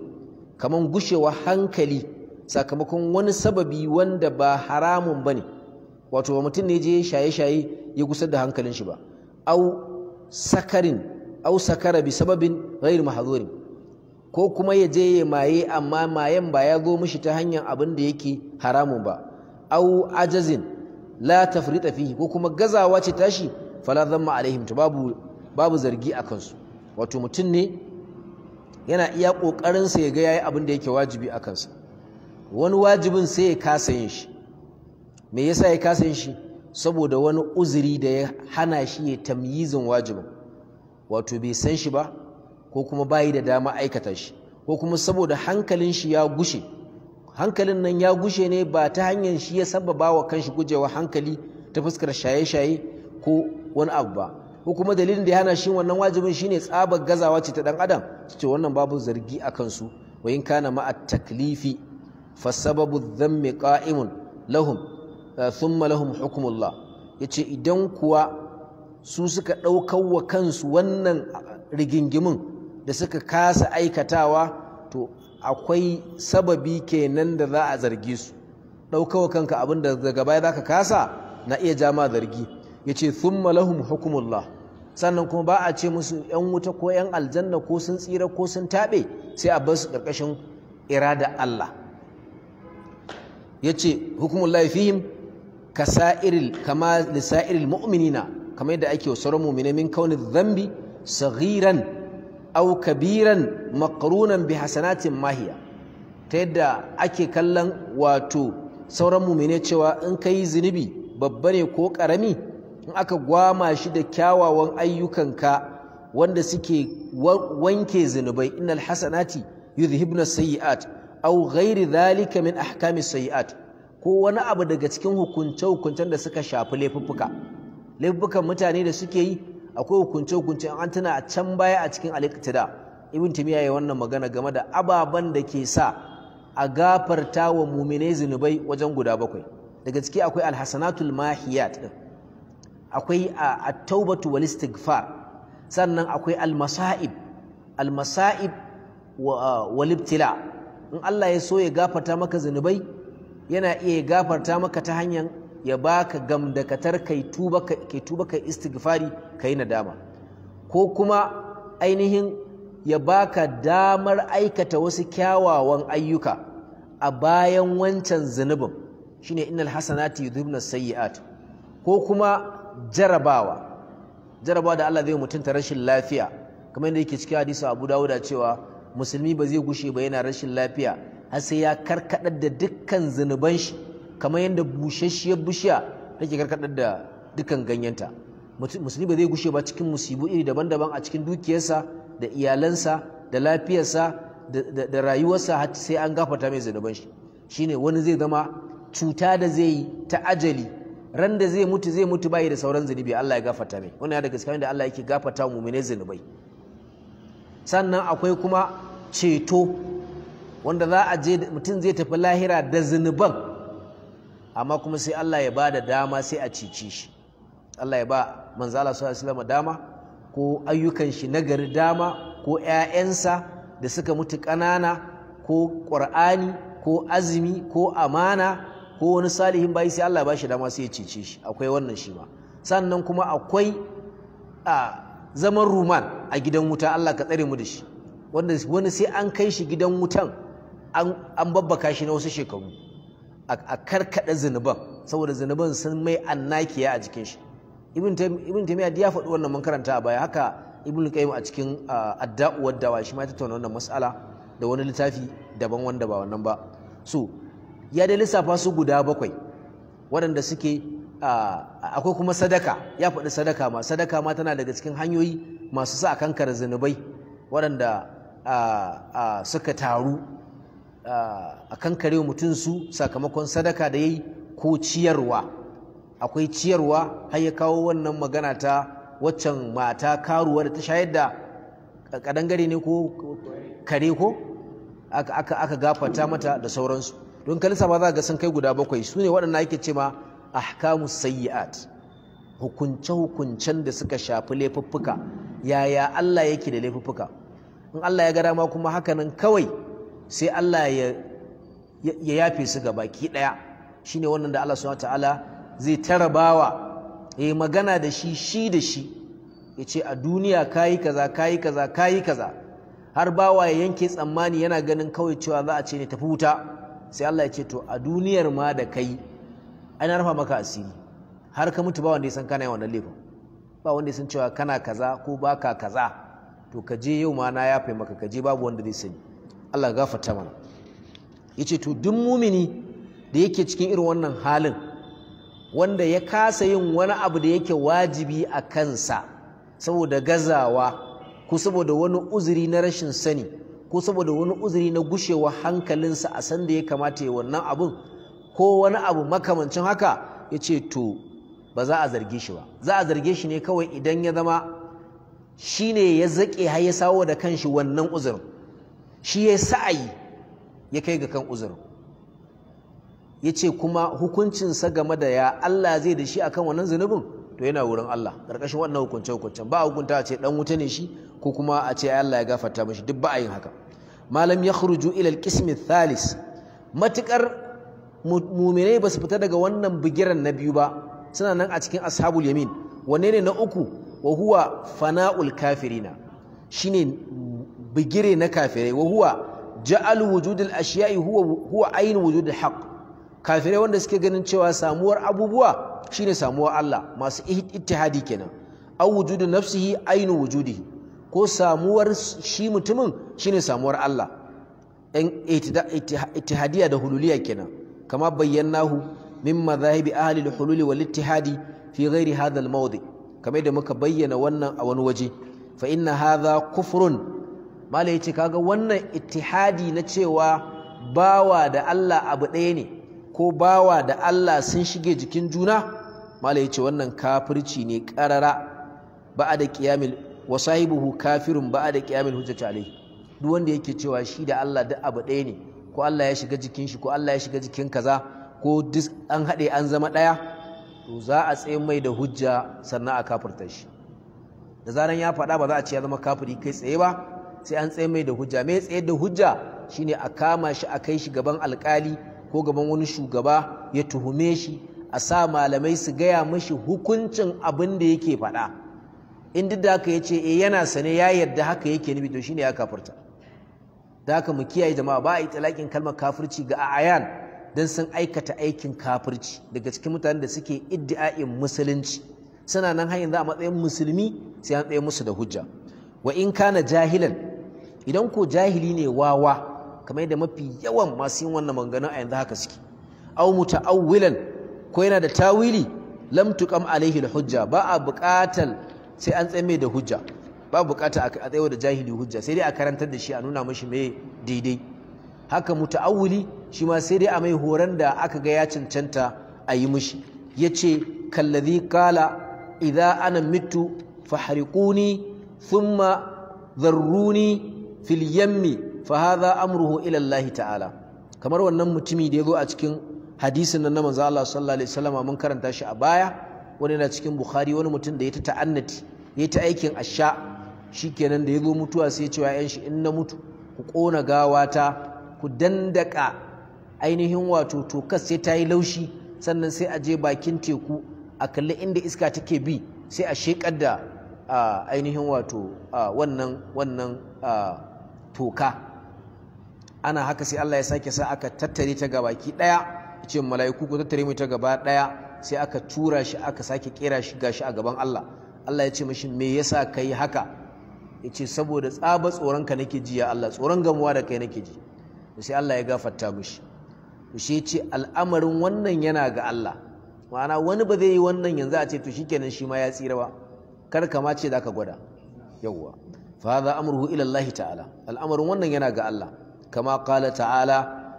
Speaker 1: kaman gushewa hankali sakamakon wani sababi wanda ba haramun bane wato ba mutum ne je shaye-shaye ya gusar da hankalin shi ba au sakarin au sakara bi sababin ghairi mahdhurin ko kuma ya je ya maye amma mayen ba ya zo mishi ta hanyar abin da yake haramun ba au ajazin la tafrita fihi ko kuma gazawa ce tashi fala zamma alaihim to babu babu zargi a kansu wato mutum ne yana iya ƙoƙarinsa ya ga yayi abin da yake wajibi a kansa wani wajibin sai ya kasa yin shi me yasa ya kasa yin shi saboda wani uzuri da ya hana shi ya tamyizin wajibin wato bai san shi ba ko kuma bayi da dama aikata shi ko kuma saboda hankalin shi ya gushe hankalin nan ya gushe ne ba ta hanyar shi ya sababa wa kanshi gujewa hankali ta fuskar shaye-shaye ko wani abu ba ko kuma dalilin da ya hana shi wannan wajibin shine tsabar gazawa ce ta dan adam ce wannan babu zargi a kansu wa in kana ma at taklifi fa sababu dhammi qa'imun lahum eh, thumma lahum hukmullah yace idan kuwa su suka daukar wa kansu wannan rigingimin da suka kasa aikatawa to akwai sababi kenan da za a zargi su ɗaukawa kanka abin da daga baya za ka kasa na iya jama zargi ya ce thumma lahum hukumullah sannan kuma ba a ce musu yan wuta ko yan aljanna ko sun tsira ko sun taɓe sai a basu su ƙarƙashin irada Allah ya ce hukumullahi fihim ka sa'iril kama lisa'iril mu'minina kamar yadda ake wasu mu'mina min kauni dhanbi saghiran aw kabiran makarunan bi hasanatin mahiya ta yadda ake kallon wato sauran mu'mine cewa in yi zunubi babba ne ko ƙarami in aka gwama shi da kyawawan ayyukanka wanda suke wanke zunubai innal hasanati yuzhibna sayiat aw ghairi dhalika min ahkamis sayiat ko wani abu daga cikin hukunce hukuncen da suka shafi laifuffuka laifuffukan mutane da suke yi akwai hukunce hukunce an tana a can baya a cikin al-iqtida ibn timiya ya wannan magana game da ababan da ke sa a gafarta wa muminai zunubai wajen guda bakwai daga ciki akwai alhasanatul mahiyat akwai at-taubatu wal istighfar sannan akwai al-masa'ib al in Allah ya so ya gafarta maka zunubai yana iya gafarta maka ta hanyar ya baka gamdakatar kai tuba kai tuba kai istighfari kai nadama ko kuma ainihin ya baka damar aikata wasu kyawawan ayyuka a bayan wancan zunubin shine innal hasanati yudhibnas sayyi'at ko kuma jarabawa jarabawa da Allah zai mutunta rashin lafiya kamar yadda yake cikin hadisi Abu Dawud cewa musulmi ba zai gushe ba yana rashin lafiya har sai ya karkadar da dukkan zanuban shi kamar yadda bushasshiyar bishiya take karkadar da dukkan ganyenta musulmi ba zai gushe ba cikin musibu iri daban-daban a cikin dukiyarsa da iyalansa da lafiyarsa da rayuwarsa har sai an gafarta mai zanuban shi shine wani zai zama cuta da zai yi ta ajali Randa zai mutu zai mutu bai da sauran zunubi Allah ya gafarta mai wannan ya daga cikin da Allah yake gafarta mu'minai zunubai sannan akwai kuma ceto wanda za a je mutum zai tafi lahira da zunuban amma kuma sai Allah ya ba da dama sai a cici shi Allah ya ba manzo Allah sallallahu alaihi dama ko ayyukan shi nagari dama ko ƴaƴansa da suka mutu ƙanana ko Qur'ani ko azumi ko amana ko wani salihin bayi sai Allah ba shi dama sai ya cece shi akwai wannan shi ma sannan kuma akwai a zaman ruman a gidan wuta Allah ka tsare mu da shi wanda wani sai an kai shi gidan wutan an babbaka shi na wasu shekaru a karkada zunuban saboda zunuban sun mai annakiya a jikin shi ibn taymiya ya faɗi wannan mun karanta a baya haka ibn qayyim a cikin adda'u wadda shi ma tattauna wannan mas'ala da wani littafi daban wanda ba wannan ba so ya dai lissafa su guda bakwai waɗanda suke akwai kuma sadaka ya faɗi sadaka ma sadaka ma tana daga cikin hanyoyi masu sa kankar zunubai waɗanda suka taru a kankare mutum su sakamakon sadaka da ya yi ko ciyarwa akwai ciyarwa har ya kawo wannan magana ta waccan mata karuwa da ta shayar da kadangare ne ko kare ko aka gafata mata da sauransu don kalisa ba za ga sun kai guda bakwai su ne waɗanda ake ce ma ahkamu sayyi'at hukunce-hukuncen da suka shafi laifuffuka yaya Allah yake da laifuffuka in Allah ya ga dama kuma hakanan kawai sai Allah ya yafe su ga baki ɗaya shine wannan da Allah subhanahu ta'ala zai tarabawa ya yi magana da shi shi da shi ya ce a duniya kayi kaza kayi kaza kayi kaza har bawa ya yanke tsammani yana ganin kawai cewa za a ce ne tafi wuta sai Allah ya ce to a duniyar ma da kai an rafa maka asiri har ka mutu ba wanda ya san kana yawan laifin ba wanda ya san cewa kana kaza ko baka kaza to ka je yau ma na yafe maka ka je babu wanda zai sani Allah ya gafarta mana yace to duk mumini da yake cikin irin wannan halin wanda ya kasa yin wani abu da yake wajibi a kansa saboda gazawa ko saboda wani uzuri na rashin sani ko saboda wani uzuri na gushewa hankalinsa a sanda ya kamata ya wannan abun ko wani abu makamancin haka ya ce to ba za a zarge shi ba za a zarge shi ne kawai idan ya zama shi ne ya zaƙe har ya sawo da kanshi wannan uzurin shi ya sa'ayi ya kai ga kan uzurin ya ce kuma hukuncinsa game da ya Allah zai da shi akan wannan zunubin to yana wurin Allah ƙarƙashin wannan hukunce hukuncen ba a hukunta a ce ɗan wuta ne shi ko kuma a ce Allah ya gafarta mashi duk ba a yin haka malam ya khruju ila alqismi thalis matukar mu'minai basu fita daga wannan bigiran na biyu ba suna nan a cikin ashabul yamin wanne ne na uku wa huwa fana'ul kafirina shine bigire na kafirai wa huwa Ja'alu wujudul ashiya'i huwa huwa ayn wujudul haqq kafirai wanda suke ganin cewa samuwar abubuwa shine samuwar Allah masu ittihadi kenan aw wujudu nafsihi aynu wujudihi ko samuwar shi mutumin shine samuwar Allah ɗan itihadiyya da hululiya kenan kama bayyanahu min madhahibi ahli al-hululi wal ittihadi fi ghairi hadha al-mawdi yadda da muka bayyana wannan a wani waje fa inna hadha kufrun malai yace kaga wannan itihadi na cewa bawa da Allah abu ɗaya ne ko bawa da Allah sun shige jikin juna malai yace wannan kafirci ne karara ba da qiyamil wa sahibuhu kafirun ba da qiyamul hujjati alayhi duk wanda yake cewa shi da Allah duk abu ɗaya ne ko Allah ya shiga jikin shi ko Allah ya shiga jikin kaza ko duk an haɗe an zama ɗaya to za a tsaye mai da hujja sannan a kafirta shi da zaran ya faɗa ba za a ce ya zama kafiri kai tsaye ba sai an tsaye mai da hujja mai tsaye da hujja shine a kama shi a kai shi gaban alƙali ko gaban wani shugaba ya tuhume shi a sa malamai su gaya mashi hukuncin abin da yake faɗa in duk da haka ya ce e yana sane ya yadda haka yake nufi to ne ya kafirta da haka mu kiyaye jama'a ba a yi talakin kalmar kafirci ga ayan don sun aikata aikin kafirci daga cikin mutanen da suke iddi'a'in musulunci suna nan har za a matsayin musulmi sai an tsaye musu da hujja wa in kana jahilan idan ko jahili ne wawa kamar da mafi yawan masu yin wannan maganganun a yanzu haka suke au muta'awwilan ko yana da tawili lam tuqam alaihi hujja ba a buƙatar sai an tsaye mai da hujja ba bukata a tsaye da jahili hujja sai dai a karantar da shi a nuna mashi mai daidai haka ta'awuli shi ma sai dai a mai horon da aka ga ya cancanta a yi Ya ce kallazi kala idza ana mitu fahriquni thumma dharruni fil yammi fa hadha amruhu ila Allah ta'ala kamar wannan mutumi da ya zo a cikin hadisin nan na manzo Allah sallallahu alaihi wasallam mun karanta shi a baya wani na cikin Bukhari wani mutum da ya ta ta'annati ya ta aikin asha shi kenan da ya zo mutuwa sai cewa yan shi in na mutu ku kona gawa ta ku dandaka ainihin wato tokas sai ta yi laushi sannan sai a je bakin teku a kalli inda iska take bi sai a shekar da ainihin wato wannan wannan toka ana haka sai Allah ya sake sa aka tattare ta gabaki daya cikin mala'iku ku tattare mai ta gaba daya sai aka tura shi aka sake kera shi gashi a gaban Allah Allah ya ce mashi me yasa kai haka yace saboda tsaba tsoron ka nake ji ya Allah tsoron gamuwa da kai nake ji sai Allah ya gafarta mishi to shi yace al'amarin wannan yana ga Allah ma'ana wani ba zai yi wannan yanzu a ce to shikenan shi ma ya tsira ba kar ka ma ce zaka gwada yawwa fa hadha amruhu ila Allah ta'ala al'amarin wannan yana ga Allah kama qala ta'ala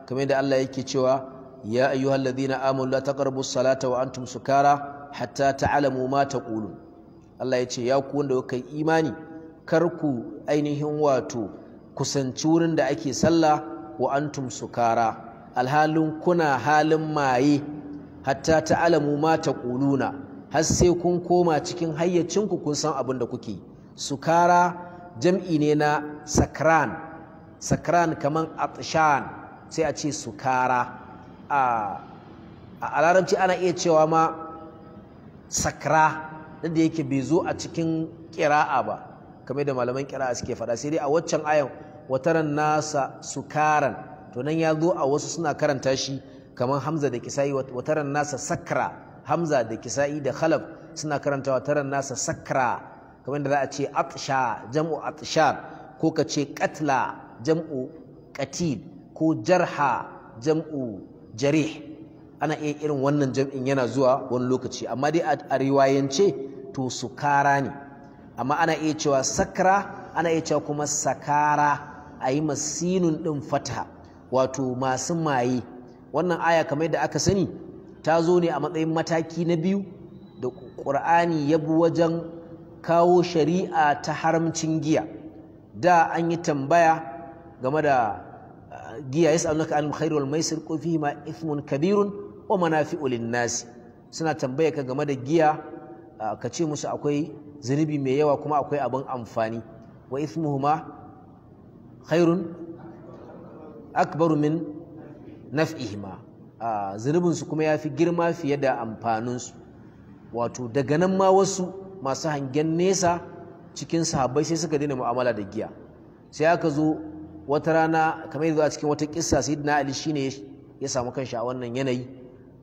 Speaker 1: kamar da Allah yake cewa ya ayyuhalladhina amanu la taqrabu as-salata wa antum sukara hatta ta'lamu ma taqulun Allah ya ce ya ku wanda kuka yi imani kar ku ainihin wato kusanci wurin da ake sallah wa antum sukara alhalin kuna halin maye hatta ta'alamu ma taquluna har sai kun koma cikin hayyacinku kun san abin da kuke sukara jam'i ne na sakran sakran kaman atshan sai a ce sukara a a ana iya cewa ma sakra duk da yake bai zo a cikin kira'a ba kamar da malaman kira'a suke faɗa sai dai a waccan ayan wataran nasa sukaran to nan ya zo a wasu suna karanta shi kamar hamza da kisa'i wataran nasa sakra hamza da kisa'i da khalaf suna karanta wataran nasa sakra kamar da za a ce atsha jam'u atshar ko ka ce katla jam'u qatil ko jarha jam'u jarih ana iya irin wannan jam'in yana zuwa wani lokaci amma dai a riwayance to sukara ne amma ana iya cewa sakara ana iya cewa kuma sakara a yi masinun ɗin fataha wato masu maye wannan aya kamar da aka sani ta zo ne a matsayin mataki na biyu da ƙur'ani ya bi wajen kawo shari'a ta haramcin giya da an yi tambaya game da giya ya sa'alunaka an khairu wal maisir ko ma ithmun kabirun wa manafi'u nasi suna tambaya ka game da giya ka ce musu akwai zunubi mai yawa kuma akwai abin amfani wa ismuhuma khairun akbaru min naf'ihima su kuma yafi girma fiye da amfaninsu wato daga nan ma wasu masu hangen nesa cikin sahabbai sai suka daina mu'amala da giya sai aka zo wata rana kamar yanzu a cikin wata kissa sayyidina ali shine ya samu kansa a wannan yanayi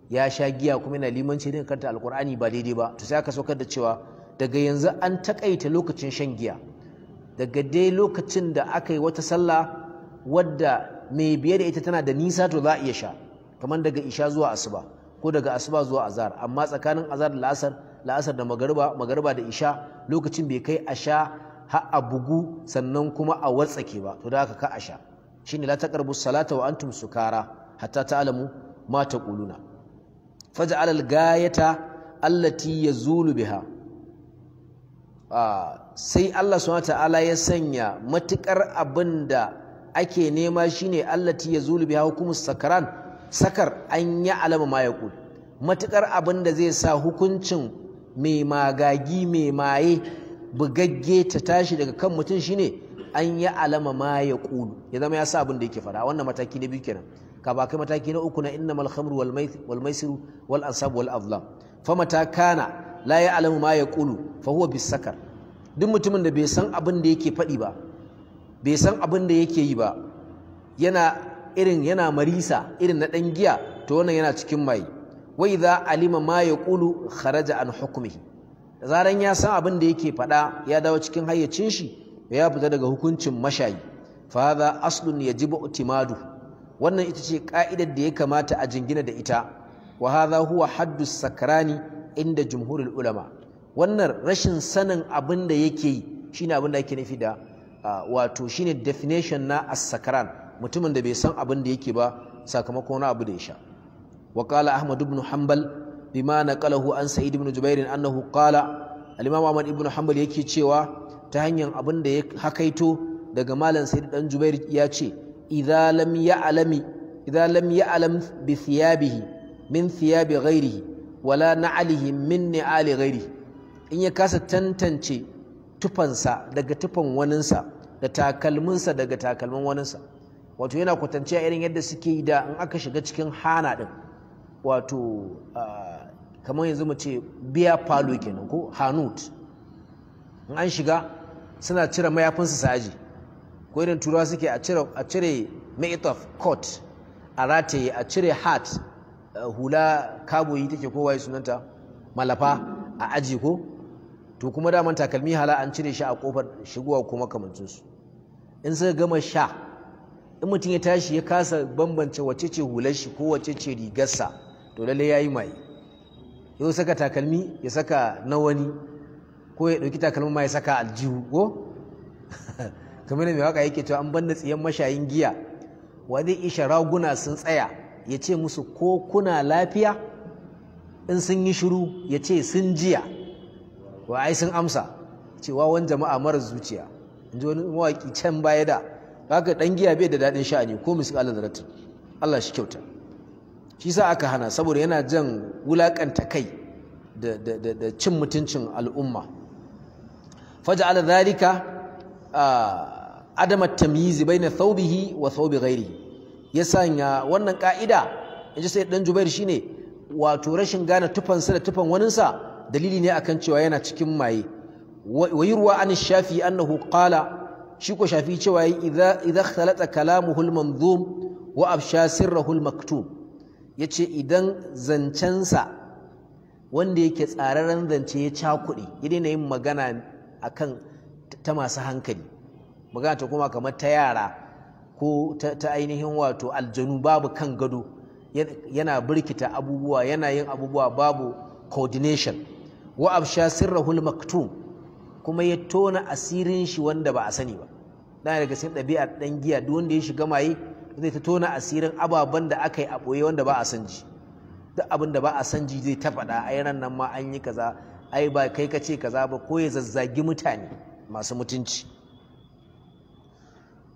Speaker 1: ya sha giya kuma yana limanci din karanta alkur'ani ba daidai ba to sai aka saukar da cewa daga yanzu an takaita lokacin shan giya daga dai lokacin da aka yi wata sallah wadda mai biye da ita tana da nisa to za a iya sha kamar daga isha zuwa asuba ko daga asuba zuwa azhar amma tsakanin azhar da la'asar la'asar da magariba magariba da isha lokacin bai kai a sha har a bugu sannan kuma a watsake ba to da haka ka a sha shine la taqrabu salata wa antum sukara hatta ta'lamu ma taquluna faj'al al-gayata allati yazulu biha ah, sai Allah subhanahu ta'ala ya sanya matukar abinda ake nema shine allati yazulu biha hukumus sakaran sakar an ya alama ma yaqul matukar abinda zai sa hukuncin mai magagi mai maye bugagge ta tashi daga kan mutum shine an ya alama ma ya zama ya sa abin da yake fara wannan mataki na biyu kenan ka ba mataki na uku na innamal khamru wal maisiru wal ansab wal azlam fa mata kana la ya'lamu ma yaqulu fa bisakar duk mutumin da bai san abin da yake faɗi ba bai san abin da yake yi ba yana yana marisa irin na ɗan giya to wannan yana cikin mai wai za alima ma ya ƙulu kharaja an hukumihi da zaran ya san abin da yake faɗa ya dawo cikin hayyacin shi ya fita daga hukuncin mashayi fa ya ji yajibu timadu wannan ita ce ka'idar da ya kamata a jingina da ita wa hadha huwa haddu sakrani inda jumhurul ulama wannan rashin sanin abin da yake yi shine abin da yake nufi da wato shine definition na as-sakran mutumin da bai san abin da yake ba sakamakon wani abu da ya sha wa qala ahmad ibn hanbal bima naqalahu an sa'id ibn jubair annahu qala al-imam ahmad ibn hanbal yake cewa ta hanyar abin da ya hakaito daga malam sa'id dan jubair ya ce idza lam ya'lami idza lam ya'lam bi thiyabihi min thiyabi ghairihi wala na'alihi min ni'ali in ya kasa tantance tufansa daga tufan waninsa da takalminsa daga takalmin waninsa wato yana kwatance a irin yadda suke yi da in aka shiga cikin hana wato kamar yanzu mu ce biya falo kenan ko hanut in an shiga suna cire mayafinsa su aji ko irin turawa suke a cire a cire a rataye a cire hat eh, hula kaboyi take kowa ya sunanta malafa a aji ko to kuma daman takalmi hala an cire shi a kofar shigowa kuma kamancinsu in suka gama sha in mutum ya tashi ya kasa bambance wace ce hular shi ko wace ce rigarsa to lalle ya yi maye yau saka takalmi ya saka na wani ko ya ɗauki takalmi ma ya saka aljihu ko kamar mai waka yake to an banda tsiyan mashayin giya wani isha raguna sun tsaya ya ce musu ko kuna lafiya in sun yi shiru ya ce sun jiya wa ai sun amsa cewa wani jama'a mara zuciya in ji wani mawaƙi can baya da haka ɗan giya bai da daɗin sha'ani ko misal zaratin Allah shi kyauta shi sa aka hana saboda yana jan wulaƙanta kai da cin mutuncin al'umma faja'ala dhalika ah, adama tamyizi baina thawbihi wa thawbi ghairihi ya sanya wannan ka'ida inji sai dan Jubair shine wato rashin gane tufansa da tufan waninsa dalili ne akan cewa yana cikin maye wayurwa an shafi annahu qala shi ko shafi cewa idza idza khalata kalamuhu al wa afsha sirruhu al yace idan zancensa wanda yake tsararren zance ya cakuɗe ya daina yin magana akan ta masu hankali magana ta kuma kamar ta yara ko ta ainihin wato aljanu babu kan gado yana birkita abubuwa yana yin abubuwa babu coordination wa afsha sirrahul maktum kuma ya tona asirin shi wanda ba a sani ba dan daga cikin ɗabi'ar ɗan giya duk wanda ya shiga maye zai ta tona asirin ababen da aka yi a ɓoye wanda ba a san ji duk abin da ba a san ji zai ta faɗa ai ran nan ma an yi kaza ai ba kai ka ce kaza ba ko ya zazzagi mutane masu mutunci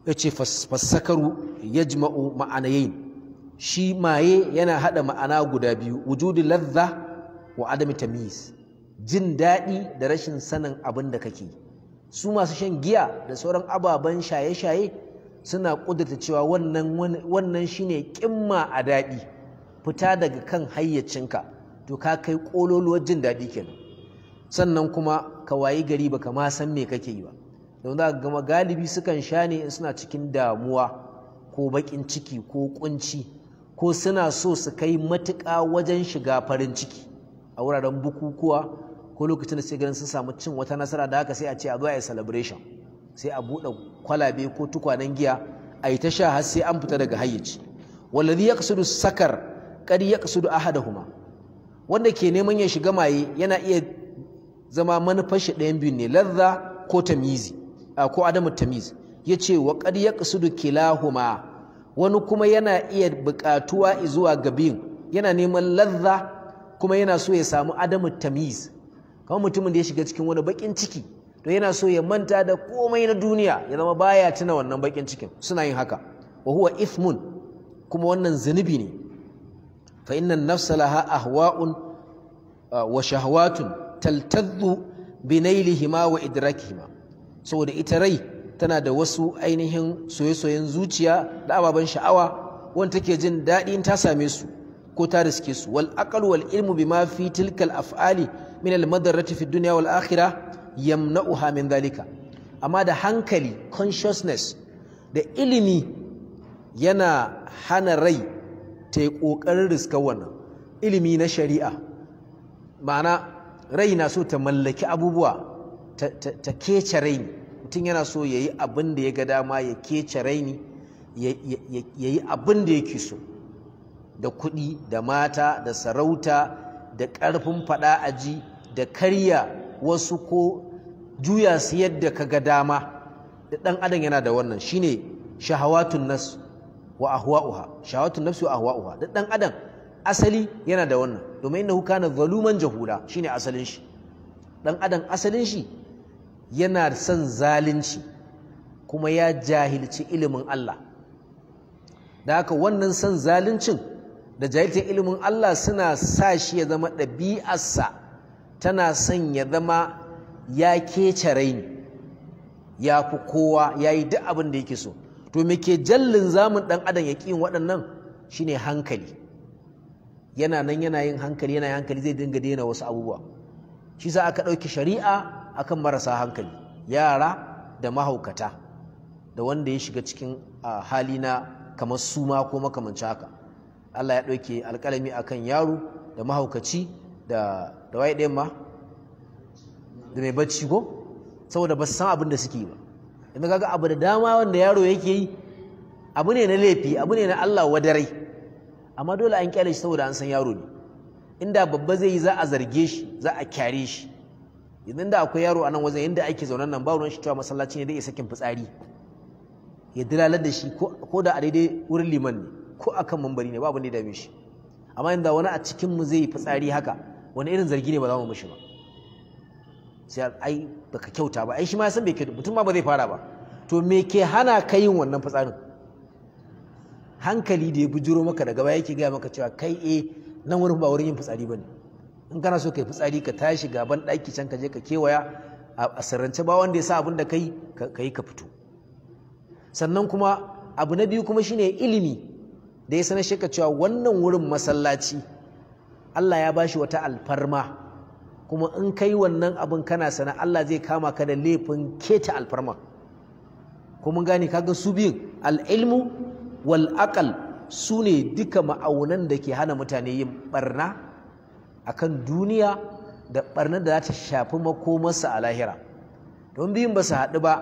Speaker 1: ya ce fassakaru yajma'u ma'anayin shi maye yana haɗa ma'ana guda biyu wujudi ladha wa adami tamiz jin daɗi da rashin sanin abin da kake su masu shan giya da sauran ababen shaye-shaye suna ƙudurta cewa wannan shi ne ƙimma a daɗi fita daga kan hayyacinka to ka kai ƙololuwar jin daɗi kenan sannan kuma ka wayi gari baka ma san me kake yi ba don za gama galibi sukan sha ne in suna cikin damuwa ko baƙin ciki ko ƙunci ko suna so su kai matuƙa wajen shiga farin ciki a wuraren bukukuwa ko lokacin da sai ganin sun samu cin wata nasara da haka sai a ce a zo a yi celebration sai a buɗe kwalabe ko tukwanen giya a yi ta sha har sai an fita daga hayyaci wallazi yaqsudu sakar kad yaqsudu ahaduhuma wanda ke neman ya shiga maye yana iya zama manufar shi ɗayan biyu ne lazza ko tamizi. ko adamu tamiz yace wa qad yaqsudu kilahuma wani kuma yana iya buƙatuwa zuwa gabin yana neman ladha kuma yana so ya samu adamu tamiz kamar mutumin da ya shiga cikin wani bakin ciki to yana so ya manta da komai na duniya ya zama baya tuna wannan bakin cikin suna yin haka wa huwa ithmun kuma wannan zunubi ne fa inna nafsa laha ahwa'un wa shahawatun taltadhu binailihima wa idrakihima saboda ita rai tana da wasu ainihin soye-soyen zuciya da ababen sha'awa wanda take jin daɗi ta same su ko ta riske su wal aqal wal ilmu bima fi tilkal af'ali min al madarrati fi dunya wal akhirah yamna'uha min dhalika amma da hankali consciousness da ilimi yana hana rai ta yi ƙoƙarin riskar wannan ilimi na shari'a ma'ana rai na so ta mallaki abubuwa ta kece raini mutum yana so ya yi abin da ya ga dama ya kece raini ya yi abin da yake so da kuɗi da mata da sarauta da ƙarfin faɗa ji da karya wasu ko juya su yadda ka ga dama da ɗan adam yana da wannan shine shahawatun nas wa ahwa'uha shahawatun nafsi wa ahwa'uha da ɗan adam asali yana da wannan domin innahu kana zaluman jahula shine asalin shi dan adam asalin shi yana son zalunci kuma ya jahilci ilimin Allah da haka wannan son zaluncin da jahilcin ilimin Allah suna sa shi ya zama ɗabi'arsa tana son ya zama ya kece raini ya fi kowa ya yi duk abin da yake so to me ke jallin zamun ɗan adam ya ƙin waɗannan shine hankali yana nan yana yin hankali yana yin hankali zai dinga daina wasu abubuwa shi sa aka ɗauki shari'a akan marasa hankali yara da mahaukata da wanda ya shiga cikin hali na kamar suma ko makamanci haka Allah ya ɗauke alƙalami akan yaro da mahaukaci da da waye ma da mai bacci ko saboda ba su san abin da suke yi ba yanzu kaga abu da dama wanda yaro yake yi abu ne na laifi abu ne na Allah wadarai amma dole an kyale shi saboda an san yaro ne inda babba zai yi za a zarge shi za a kyare shi yanzu da akwai yaro a nan wajen yadda ake zaunan nan ba ruwan shi cewa masallaci ne dai ya sakin fitsari ya dilalar da shi ko da a daidai wurin liman ne ko kan mambari ne ba abin da dame shi amma inda wani a cikin mu zai yi fitsari haka wani irin zargi ne ba za mu mishi ba sai ai baka kyauta ba ai shi ma ya san bai kyauta mutum ma ba zai fara ba to me ke hana ka yin wannan fitsarin hankali da ya bujuro maka daga baya yake gaya maka cewa kai eh nan wurin ba wurin yin fitsari ba ne in kana so ka kai fitsari ka tashi gaban ɗaki can ka je ka kewaya a sirrance ba wanda ya sa abin da ka yi ka fito sannan kuma abu na biyu kuma shine ilimi da ya sanar shaka cewa wannan wurin masallaci Allah ya bashi wata alfarma kuma in kai wannan abin kana sana Allah zai kama ka da laifin keta alfarma kuma gane ga su biyun al'ilmu wal aqal su ne duka ma'aunan da ke hana mutane yin barna akan duniya da barnar da za ta shafi makomarsa a lahira don biyun ba su haɗu ba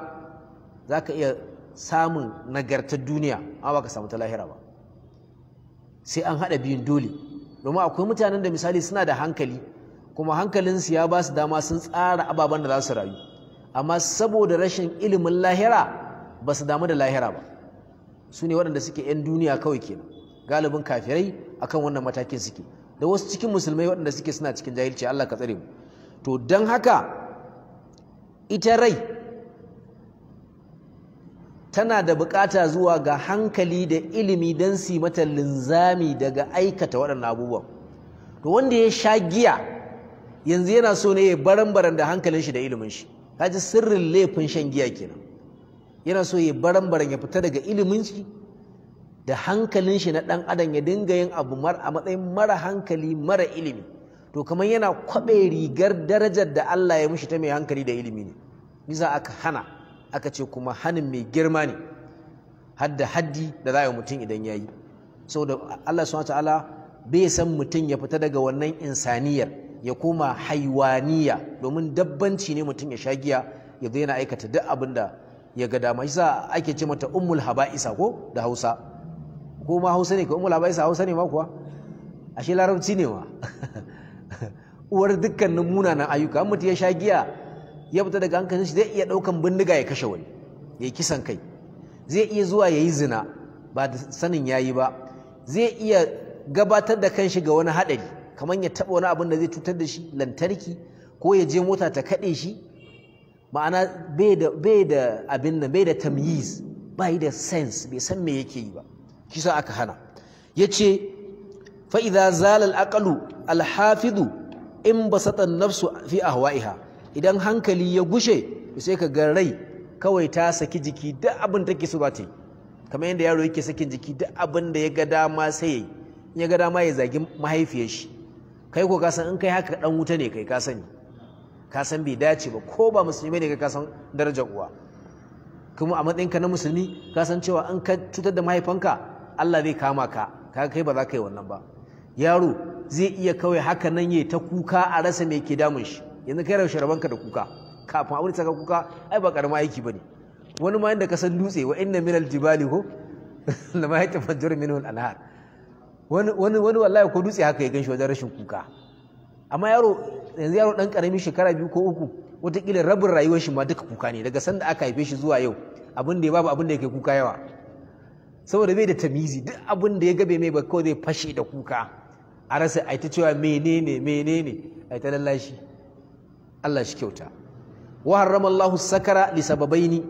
Speaker 1: za ka iya samun nagartar duniya amma ba ka samu ta lahira ba sai an haɗa biyun dole domin akwai mutanen da misali suna da hankali kuma hankalinsu ya ba su dama sun tsara ababen da za su rayu amma saboda rashin ilimin lahira ba su damu da lahira ba su ne waɗanda suke 'yan duniya kawai kenan galibin kafirai akan wannan matakin suke da wasu cikin musulmai waɗanda suke suna cikin jahilci Allah ka tsare mu to don haka ita rai tana da bukata zuwa ga hankali da ilimi don su mata linzami daga aikata waɗannan abubuwan to wanda ya sha giya yanzu yana so ne ya barambaran da hankalin shi da ilimin shi kaji sirrin laifin shan giya kenan yana so ya barambaran ya fita daga ilimin shi da hankalin shi na ɗan adam ya dinga yin abu a matsayin mara hankali mara ilimi to kamar yana kwaɓe rigar darajar da Allah ya mushi ta mai hankali da ilimi ne nisa aka hana aka ce kuma hanin mai girma ne hadda haddi da za a yi mutum idan ya yi saboda Allah subhanahu ta'ala bai san mutum ya fita daga wannan insaniyar ya koma haiwaniya domin dabbanci ne mutum ya sha giya ya zo yana aikata duk abin da ya ga dama shi ake ce mata ummul haba'isa ko da Hausa ko ma hausa ne ko labai sa hausa ne ma kuwa ashe larabci ne wa uwar dukkanin munanan ayyuka mutum ya sha giya ya fita daga hankalin shi zai iya daukan bindiga ya kashe wani ya yi kisan kai zai iya zuwa ya yi zina ba da sanin ya yi ba zai iya gabatar da kanshi ga wani haɗari kamar ya taɓa wani abin da zai cutar da shi lantarki ko ya je mota ta kaɗe shi ma'ana bai da abin nan bai da tamyiz bai da sense bai san me yake yi ba kisa aka hana yace fa idza zala al aqlu al hafidu in basata an nafsu fi ahwaiha idan hankali ya gushe sai ka ga rai kawai ta saki jiki duk abin take so ba ta yi kamar yadda yaro yake sakin jiki duk abin da ya ga dama sai yayi ya ga dama ya zagi mahaifiyar shi kai ko kasan in kai haka dan wuta ne kai ka sani ka san bai dace ba ko ba musulmi ne kai ka san darajar uwa kuma a matsayinka na musulmi ka san cewa in ka cutar da mahaifanka Allah zai kama ka ka kai ba za ka yi wannan ba yaro zai iya kawai haka nan yayi ta kuka a rasa me ke damun shi yanzu kai raushe rabanka da kuka kafin abin saka kuka ai ba karama aiki bane wani ma yanda ka san dutse wa inna minal jibali ko lama ya tafajjar minhu al-anhar wani wani wani wallahi ko dutse haka ya ganshi wajen rashin kuka amma yaro yanzu yaro dan karami shekara biyu ko uku wataƙila rabin rayuwar shi ma duka kuka ne daga sanda aka haife shi zuwa yau abin da ya babu abin da yake kuka yawa saboda bai da tamizi duk abin da ya gabe mai ba kawai zai fashe da kuka a rasa a ta cewa menene menene a ta lallashi Allah shi kyauta wa harrama Allahu sakara li sababaini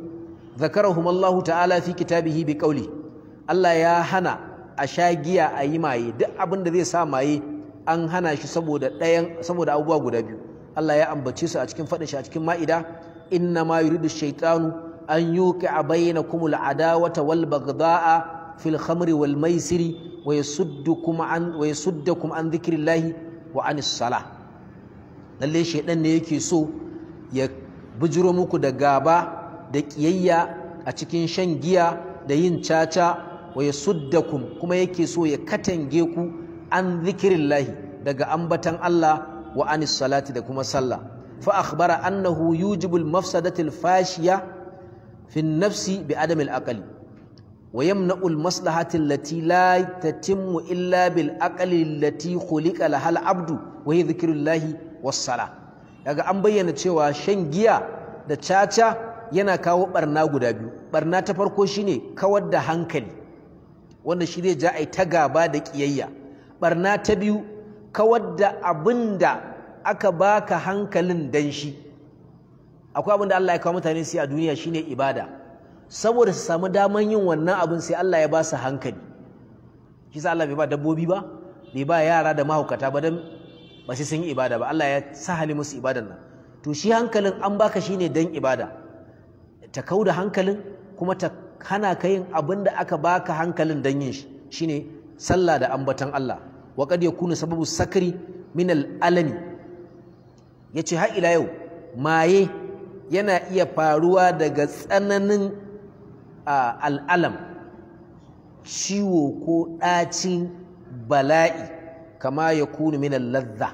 Speaker 1: zakarahum Allah ta'ala fi kitabihi bi qawli Allah ya hana a sha giya a yi maye duk abin da zai sa maye an hana shi saboda ɗayan saboda abubuwa guda biyu Allah ya ambace su a cikin faɗin shi a cikin ma'ida inna ma yuridu shaytanu an yuqi'a bainakum al'adawata wal baghdha'a fil khamri wal maisiri wa ya sudda kuma an an dhikrillahi wa an salah lalle shedan ne yake so ya bujiro muku da gaba da kiyayya a cikin shan giya da yin caca wa yasuddakum kuma yake so ya katange ku an dhikrillahi daga ambatan Allah wa an salati da kuma sallah fa akhbara annahu yujibul al fashiya fi nafsi bi adamil aqali wa yamna'u al maslahati allati la tatimmu illa bil aqali allati khuliqa lahal abdu wa hiya dhikrullahi Daga an bayyana cewa shan giya da caca yana kawo barna guda biyu barna ta farko shine kawar da hankali wanda shi zai ja ai ta gaba da kiyayya barna ta biyu kawar da abinda aka baka hankalin danshi. shi akwai abin da Allah ya kawo mutane su a duniya shine ibada saboda su samu daman yin wannan abin sai Allah ya ba su hankali shi sa Allah bai ba dabbobi ba bai ba yara da mahaukata ba dan ba sai sun yi ibada ba Allah ya sahali musu ibadan nan to shi hankalin an baka shine dan ibada ta kauda hankalin kuma ta hana ka yin abin da aka baka hankalin dan yin shi shine sallah da ambatan Allah wa kad yakunu sababu sakri min al alami yace har ila yau maye yana iya faruwa daga tsananin al'alam ciwo ko ɗacin bala'i kama ya kunu minan ladda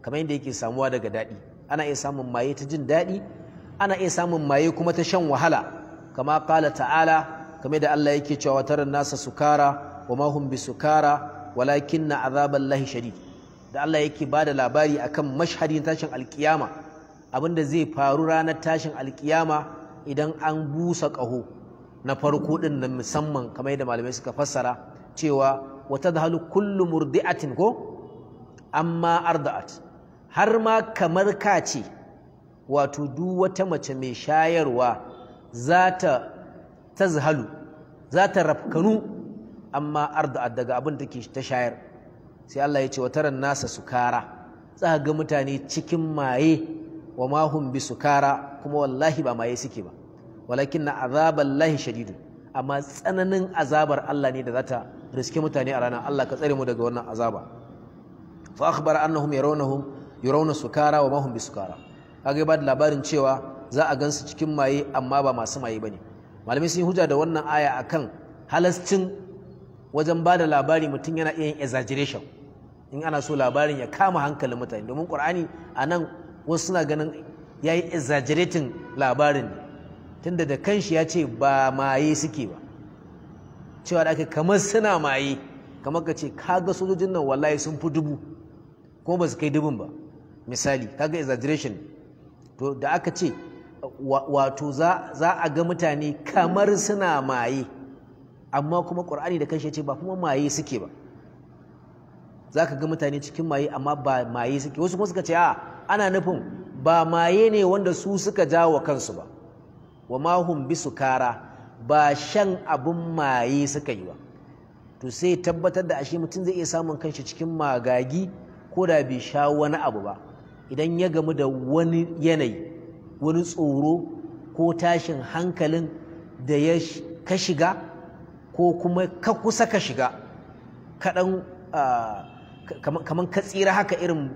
Speaker 1: kamar yadda yake samuwa daga daɗi ana iya samun maye ta jin daɗi ana iya samun maye kuma ta shan wahala kama ƙala ta'ala kama da Allah yake cewa wataran nasa sukara wa mahum bi sukara walakin na azaban lahi shari da Allah yake ba da labari akan mashhadin tashin alkiyama abinda zai faru ranar tashin alkiyama idan an busa ƙaho na farko din nan musamman kamar yadda malamai suka fassara cewa wata da halu kullu murdi'atin ko amma arda'at har ma kamar ka ce wato du wata mace mai shayarwa za ta tazhalu za ta rafkanu amma arda'at daga abin da take ta shayar sai Allah ya ce wataran nasa su kara. za ga mutane cikin maye wa ma hum bisukara kuma wallahi ba maye suke ba walakin na azaballahi shadidu amma tsananin azabar Allah ne da zata riske mutane a ranar Allah ka tsare mu daga wannan azaba fa akhbara annahum yarawnahum yarawna sukara wa ma hum bisukara kage ba da labarin cewa za a gansu cikin maye amma ba masu maye bane malamai sun hujja da wannan aya akan halascin wajen ba da labari mutum yana iya yin exaggeration in ana so labarin ya kama hankalin mutane domin qur'ani anan wasu suna ganin ya yi exaggerating labarin tunda da kanshi ya ce ba maye suke ba cewa da aka kamar suna maye kamar ka ce kaga sojojin nan wallahi sun fi dubu ko ba su kai dubun ba misali kaga exaggeration to da aka ce wato za a ga mutane kamar suna maye amma kuma ƙur'ani da kanshi ya ce ba kuma maye suke ba za ka ga mutane cikin maye amma ba maye suke wasu kuma suka ce a ana nufin ba maye ne wanda su suka ja wa kansu ba wa mahum su kara ba shan abin maye suka yi ba to sai tabbatar da ashe mutum zai iya samun kanshi cikin magagi ko da bai sha wani abu ba idan ya gamu da wani yanayi wani tsoro ko tashin hankalin da ya ka shiga ko kuma ka kusa ka shiga kaɗan ah, kaman ka tsira haka irin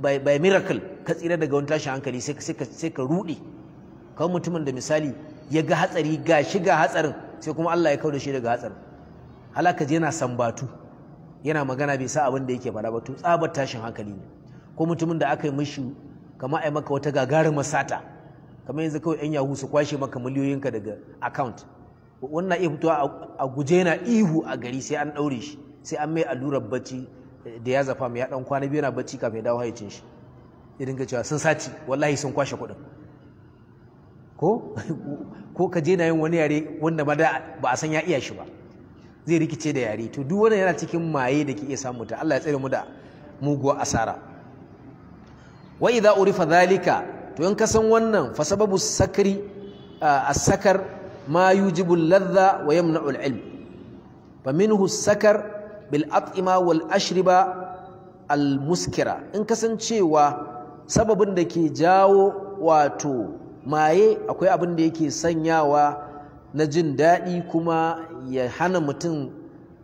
Speaker 1: by miracle ka tsira daga wani tashin hankali sai ka ruɗe kawai mutumin da misali ya ga hatsari ga shi ga hatsarin sai kuma Allah ya da shi daga hatsarin halaka yana sambatu yana magana bai sa abin da yake faɗa ba to tsabar tashin hankali ne ko mutumin da aka yi mishi kamar ai maka wata gagarin masata kamar yanzu kawai yan yahu su kwashe maka miliyoyinka daga account wannan iya fitowa a guje yana ihu a gari sai an ɗaure shi sai an mai allurar bacci da ya zafa mai ya dan kwana biyu na bacci kafin ya dawo haicin shi ya dinga cewa sun sati wallahi sun kwashe kuɗin ko ka je na yin wani yare wanda ma da ba a san ya iya shi ba zai rikice da yare to duk wannan yana cikin maye da ke iya samu ta Allah ya tsare mu da muguwa asara wa idza urifa zalika to in ka san wannan fa sababu sakri as-sakar ma yujibu al-ladha wa yamna'u al-ilm fa minhu as-sakar bil at'ima wal ashriba al muskira in kasancewa sababin da ke jawo wato maye akwai abin da yake sanyawa na jin daɗi kuma ya hana mutum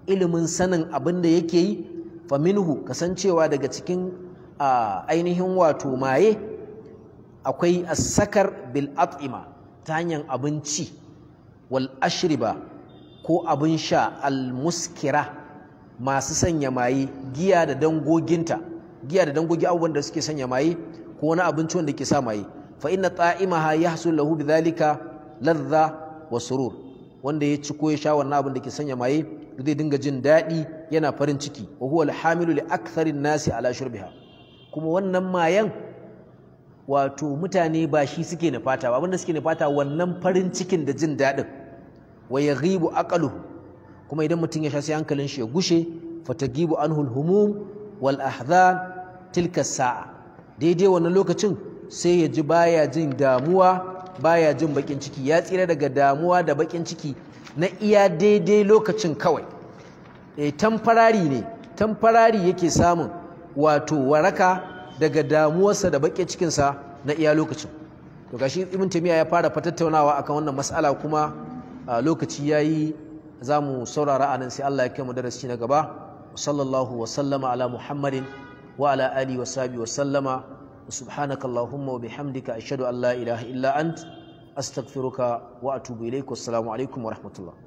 Speaker 1: ilimin sanin abin da yake yi faminhu kasancewa daga cikin ainihin wato maye akwai asakar bil at'ima ta hanyar abinci wal ashriba ko abin sha al muskira masu sanya maye giya da dangoginta giya da dangogi abubuwan da suke sanya maye ko wani abinci wanda ke sa maye fa inna ta'imaha yahsul lahu bidhalika ladza wa surur wanda ya ci ko ya sha wannan abin da ke sanya maye zai dinga jin daɗi yana farin ciki wa huwa alhamilu li aktharin nasi ala shurbiha kuma wannan mayan wato mutane ba shi suke nufata ba abin da suke nufata wannan farin cikin da jin daɗin wa yaghibu aqluhu kuma idan mutum ya sha sai hankalin shi ya gushe fatagibu anhul humum wal ahzan tilka sa'a daidai wannan lokacin sai ya ji baya jin damuwa baya jin bakin ciki ya tsira daga damuwa da bakin ciki na iya daidai lokacin kawai e tamfarari ne tamfarari yake samun wato waraka daga damuwarsa da bakin cikinsa na iya lokacin to gashi ibn timiya ya fara fatattaunawa akan wannan mas'ala kuma lokaci yayi za mu saurara a nan sai Allah ya kai mu darasi na gaba sallallahu wa sallama ala muhammadin wa ala ali wa sabi wa sallama subhanaka allahumma wa bihamdika ashhadu an la ilaha illa ant astaghfiruka wa atubu ilaik assalamu alaikum wa rahmatullah